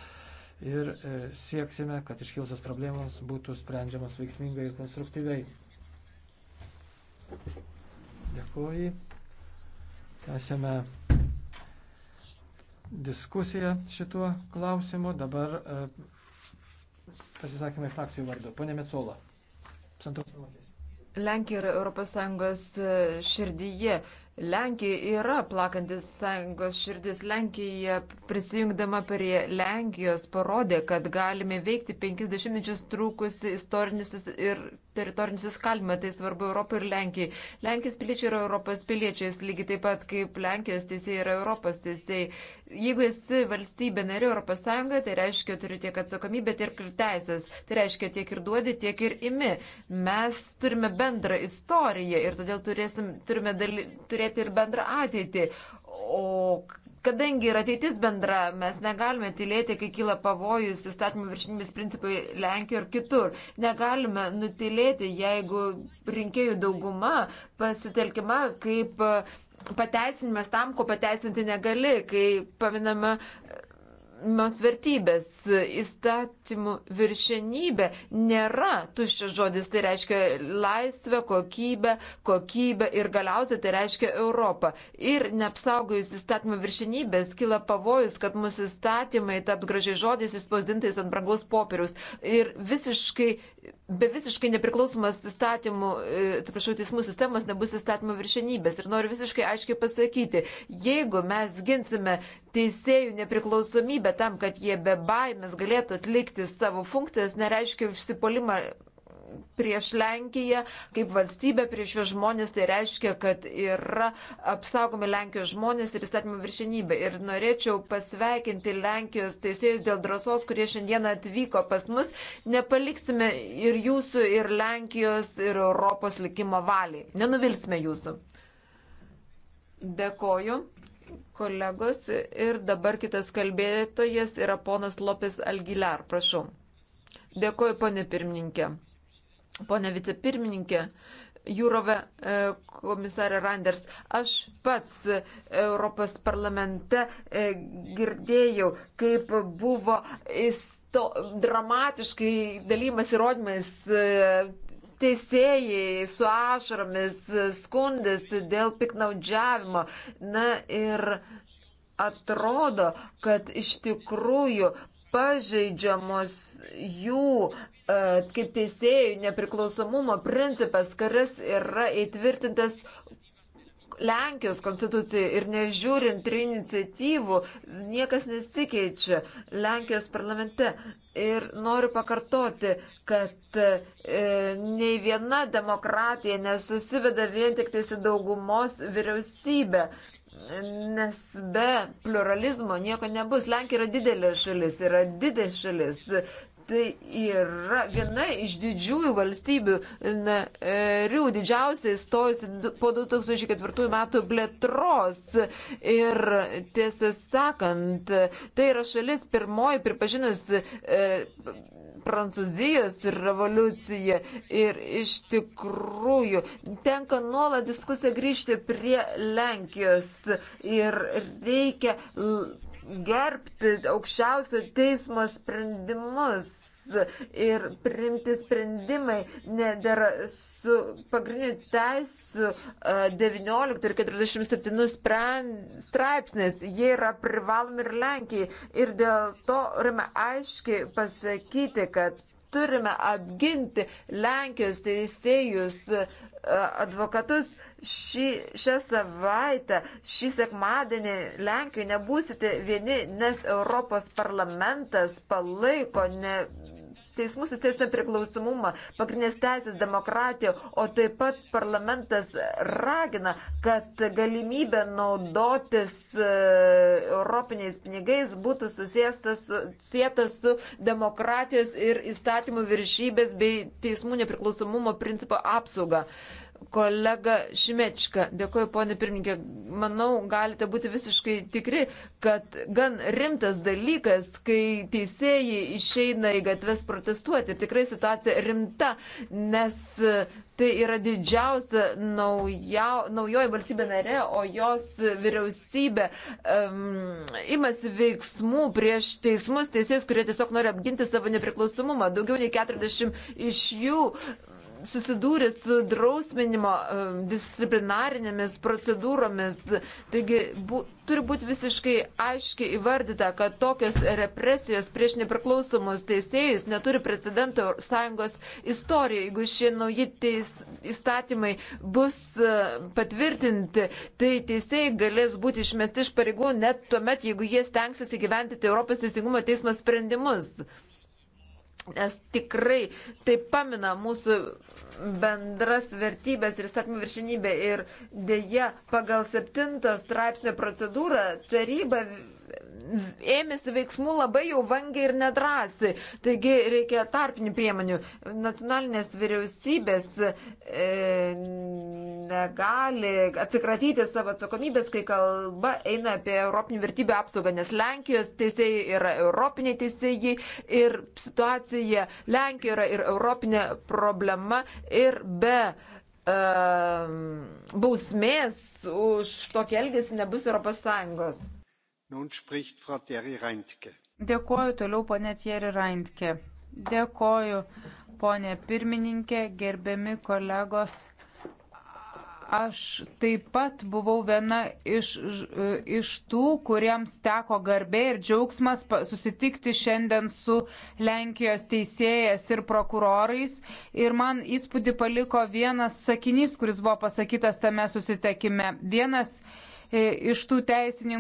ir sieksime, kad iškilusios problemos būtų sprendžiamas veiksmingai ir konstruktyviai. Dėkuoju. Tęsėme diskusiją šituo klausimu. Dabar e, pasisakymai frakcijų vardu. Pone Metsola. Lenkija yra ES e, širdyje. Lenkija yra plakantis sąjungos širdis. Lenkija prisijungdama prie Lenkijos parodė, kad galime veikti 50 mečius trūkusi istorinis ir teritorinis įskalimą. Tai svarbu Europai ir Lenkijai. Lenkijos piliečiai yra Europos piliečiais, lygiai taip pat kaip Lenkijos teisėjai yra Europos teisėjai jeigu esi valstybė nari Europos Sąjungoje, tai reiškia, turi tiek atsakomybę, tiek ir teisės. Tai reiškia, tiek ir duodi, tiek ir imi. Mes turime bendrą istoriją ir todėl turėsim, turime daly, turėti ir bendrą ateitį. O Kadangi ir ateitis bendra, mes negalime tylėti, kai kyla pavojus įstatymų viršinimės principai Lenkijoje ir kitur. Negalime nutilėti, jeigu rinkėjų dauguma pasitelkima kaip pateisinimas tam, ko pateisinti negali, kai paminama mes vertybės, įstatymų viršenybė nėra tuščias žodis, tai reiškia laisvę, kokybę, kokybę ir galiausiai tai reiškia Europą. Ir neapsaugojus įstatymų viršenybės kila pavojus, kad mūsų įstatymai taps gražiai žodis įspausdintais ant brangaus popieriaus ir visiškai be visiškai nepriklausomos įstatymų, e, atsiprašau, teismų sistemos nebus įstatymų viršenybės. Ir noriu visiškai aiškiai pasakyti, jeigu mes ginsime teisėjų nepriklausomybę tam, kad jie be baimės galėtų atlikti savo funkcijas, nereiškia užsipolimą prieš Lenkiją kaip valstybę, prieš šios žmonės, tai reiškia, kad yra apsaugomi Lenkijos žmonės ir įstatymų viršinybė. Ir norėčiau pasveikinti Lenkijos teisėjus dėl drąsos, kurie šiandieną atvyko pas mus. Nepaliksime ir jūsų, ir Lenkijos, ir Europos likimo valiai. Nenuvilsime jūsų. Dėkoju kolegos ir dabar kitas kalbėtojas yra ponas Lopes Algilar. Prašau. Dėkoju, ponė pirmininkė ponė vicepirmininkė, Jūrove e, komisarė Randers. Aš pats e, Europos parlamente e, girdėjau, kaip buvo to, dramatiškai dalymas įrodymais teisėjai su ašaromis skundėsi dėl piknaudžiavimo. Na ir atrodo, kad iš tikrųjų pažeidžiamos jų E, kaip teisėjų nepriklausomumo principas, kuris yra įtvirtintas Lenkijos konstitucijai ir nežiūrint trijų iniciatyvų, niekas nesikeičia Lenkijos parlamente. Ir noriu pakartoti, kad e, nei viena demokratija nesusiveda vien tik tai su daugumos vyriausybė, nes be pluralizmo nieko nebus. Lenkija yra didelė šalis, yra didelė šalis, Tai yra viena iš didžiųjų valstybių narių, didžiausia įstojusi po 2004 metų plėtros. Ir tiesą sakant, tai yra šalis pirmoji pripažinusi e, Prancūzijos revoliuciją. Ir iš tikrųjų tenka nuolat diskusiją grįžti prie Lenkijos. Ir reikia gerbti aukščiausio teismo sprendimus ir priimti sprendimai nedėra su pagrindiniu teisų 19 ir 47 straipsnės. Jie yra privalomi ir Lenkijai. Ir dėl to turime aiškiai pasakyti, kad turime apginti Lenkijos teisėjus, advokatus šį, šią savaitę, šį sekmadienį Lenkijoje nebūsite vieni, nes Europos parlamentas palaiko ne, teismų susijęs nepriklausomumą, pagrindinės teisės, demokratiją, o taip pat parlamentas ragina, kad galimybė naudotis e, europiniais pinigais būtų susijęta su, su demokratijos ir įstatymų viršybės bei teismų nepriklausomumo principo apsauga. Uh, kolega Šimečka. Dėkuoju, ponė pirmininkė. Manau, galite būti visiškai tikri, kad gan rimtas dalykas, kai teisėjai išeina į gatves protestuoti. Tikrai situacija rimta, nes e, tai yra didžiausia nauja, naujoji valstybė narė, o jos vyriausybė um, imasi veiksmų prieš teismus, teisėjus, kurie tiesiog nori apginti savo nepriklausomumą. Daugiau nei 40 iš jų susidūrė su drausminimo disciplinarinėmis procedūromis. Taigi bu, turi būti visiškai aiškiai įvardyta, kad tokios represijos prieš nepriklausomus teisėjus neturi precedento sąjungos istorijoje. Jeigu šie nauji teis, įstatymai bus e, patvirtinti, tai teisėjai galės būti išmesti iš pareigų net tuomet, jeigu jie stengsis įgyventyti Europos teisingumo teismo sprendimus nes tikrai tai pamina mūsų bendras vertybės ir statymų viršinybė. Ir dėja, pagal septinto straipsnio procedūrą taryba ėmėsi veiksmų labai jau vangiai ir nedrasi. Taigi reikia tarpinių priemonių. Nacionalinės vyriausybės e, negali atsikratyti savo atsakomybės, kai kalba eina apie Europinių vertybių apsaugą, nes Lenkijos teisėjai yra Europiniai teisėjai ir situacija Lenkijoje yra ir Europinė problema ir be e, bausmės už tokį elgesį nebus Europos Sąjungos. Dėkoju toliau ponė Thierry Reintke. Dėkoju ponė pirmininkė, gerbiami kolegos. Aš taip pat buvau viena iš, iš tų, kuriems teko garbė ir džiaugsmas susitikti šiandien su Lenkijos teisėjas ir prokurorais. Ir man įspūdį paliko vienas sakinys, kuris buvo pasakytas tame susitikime. Vienas e, iš tų teisininkų.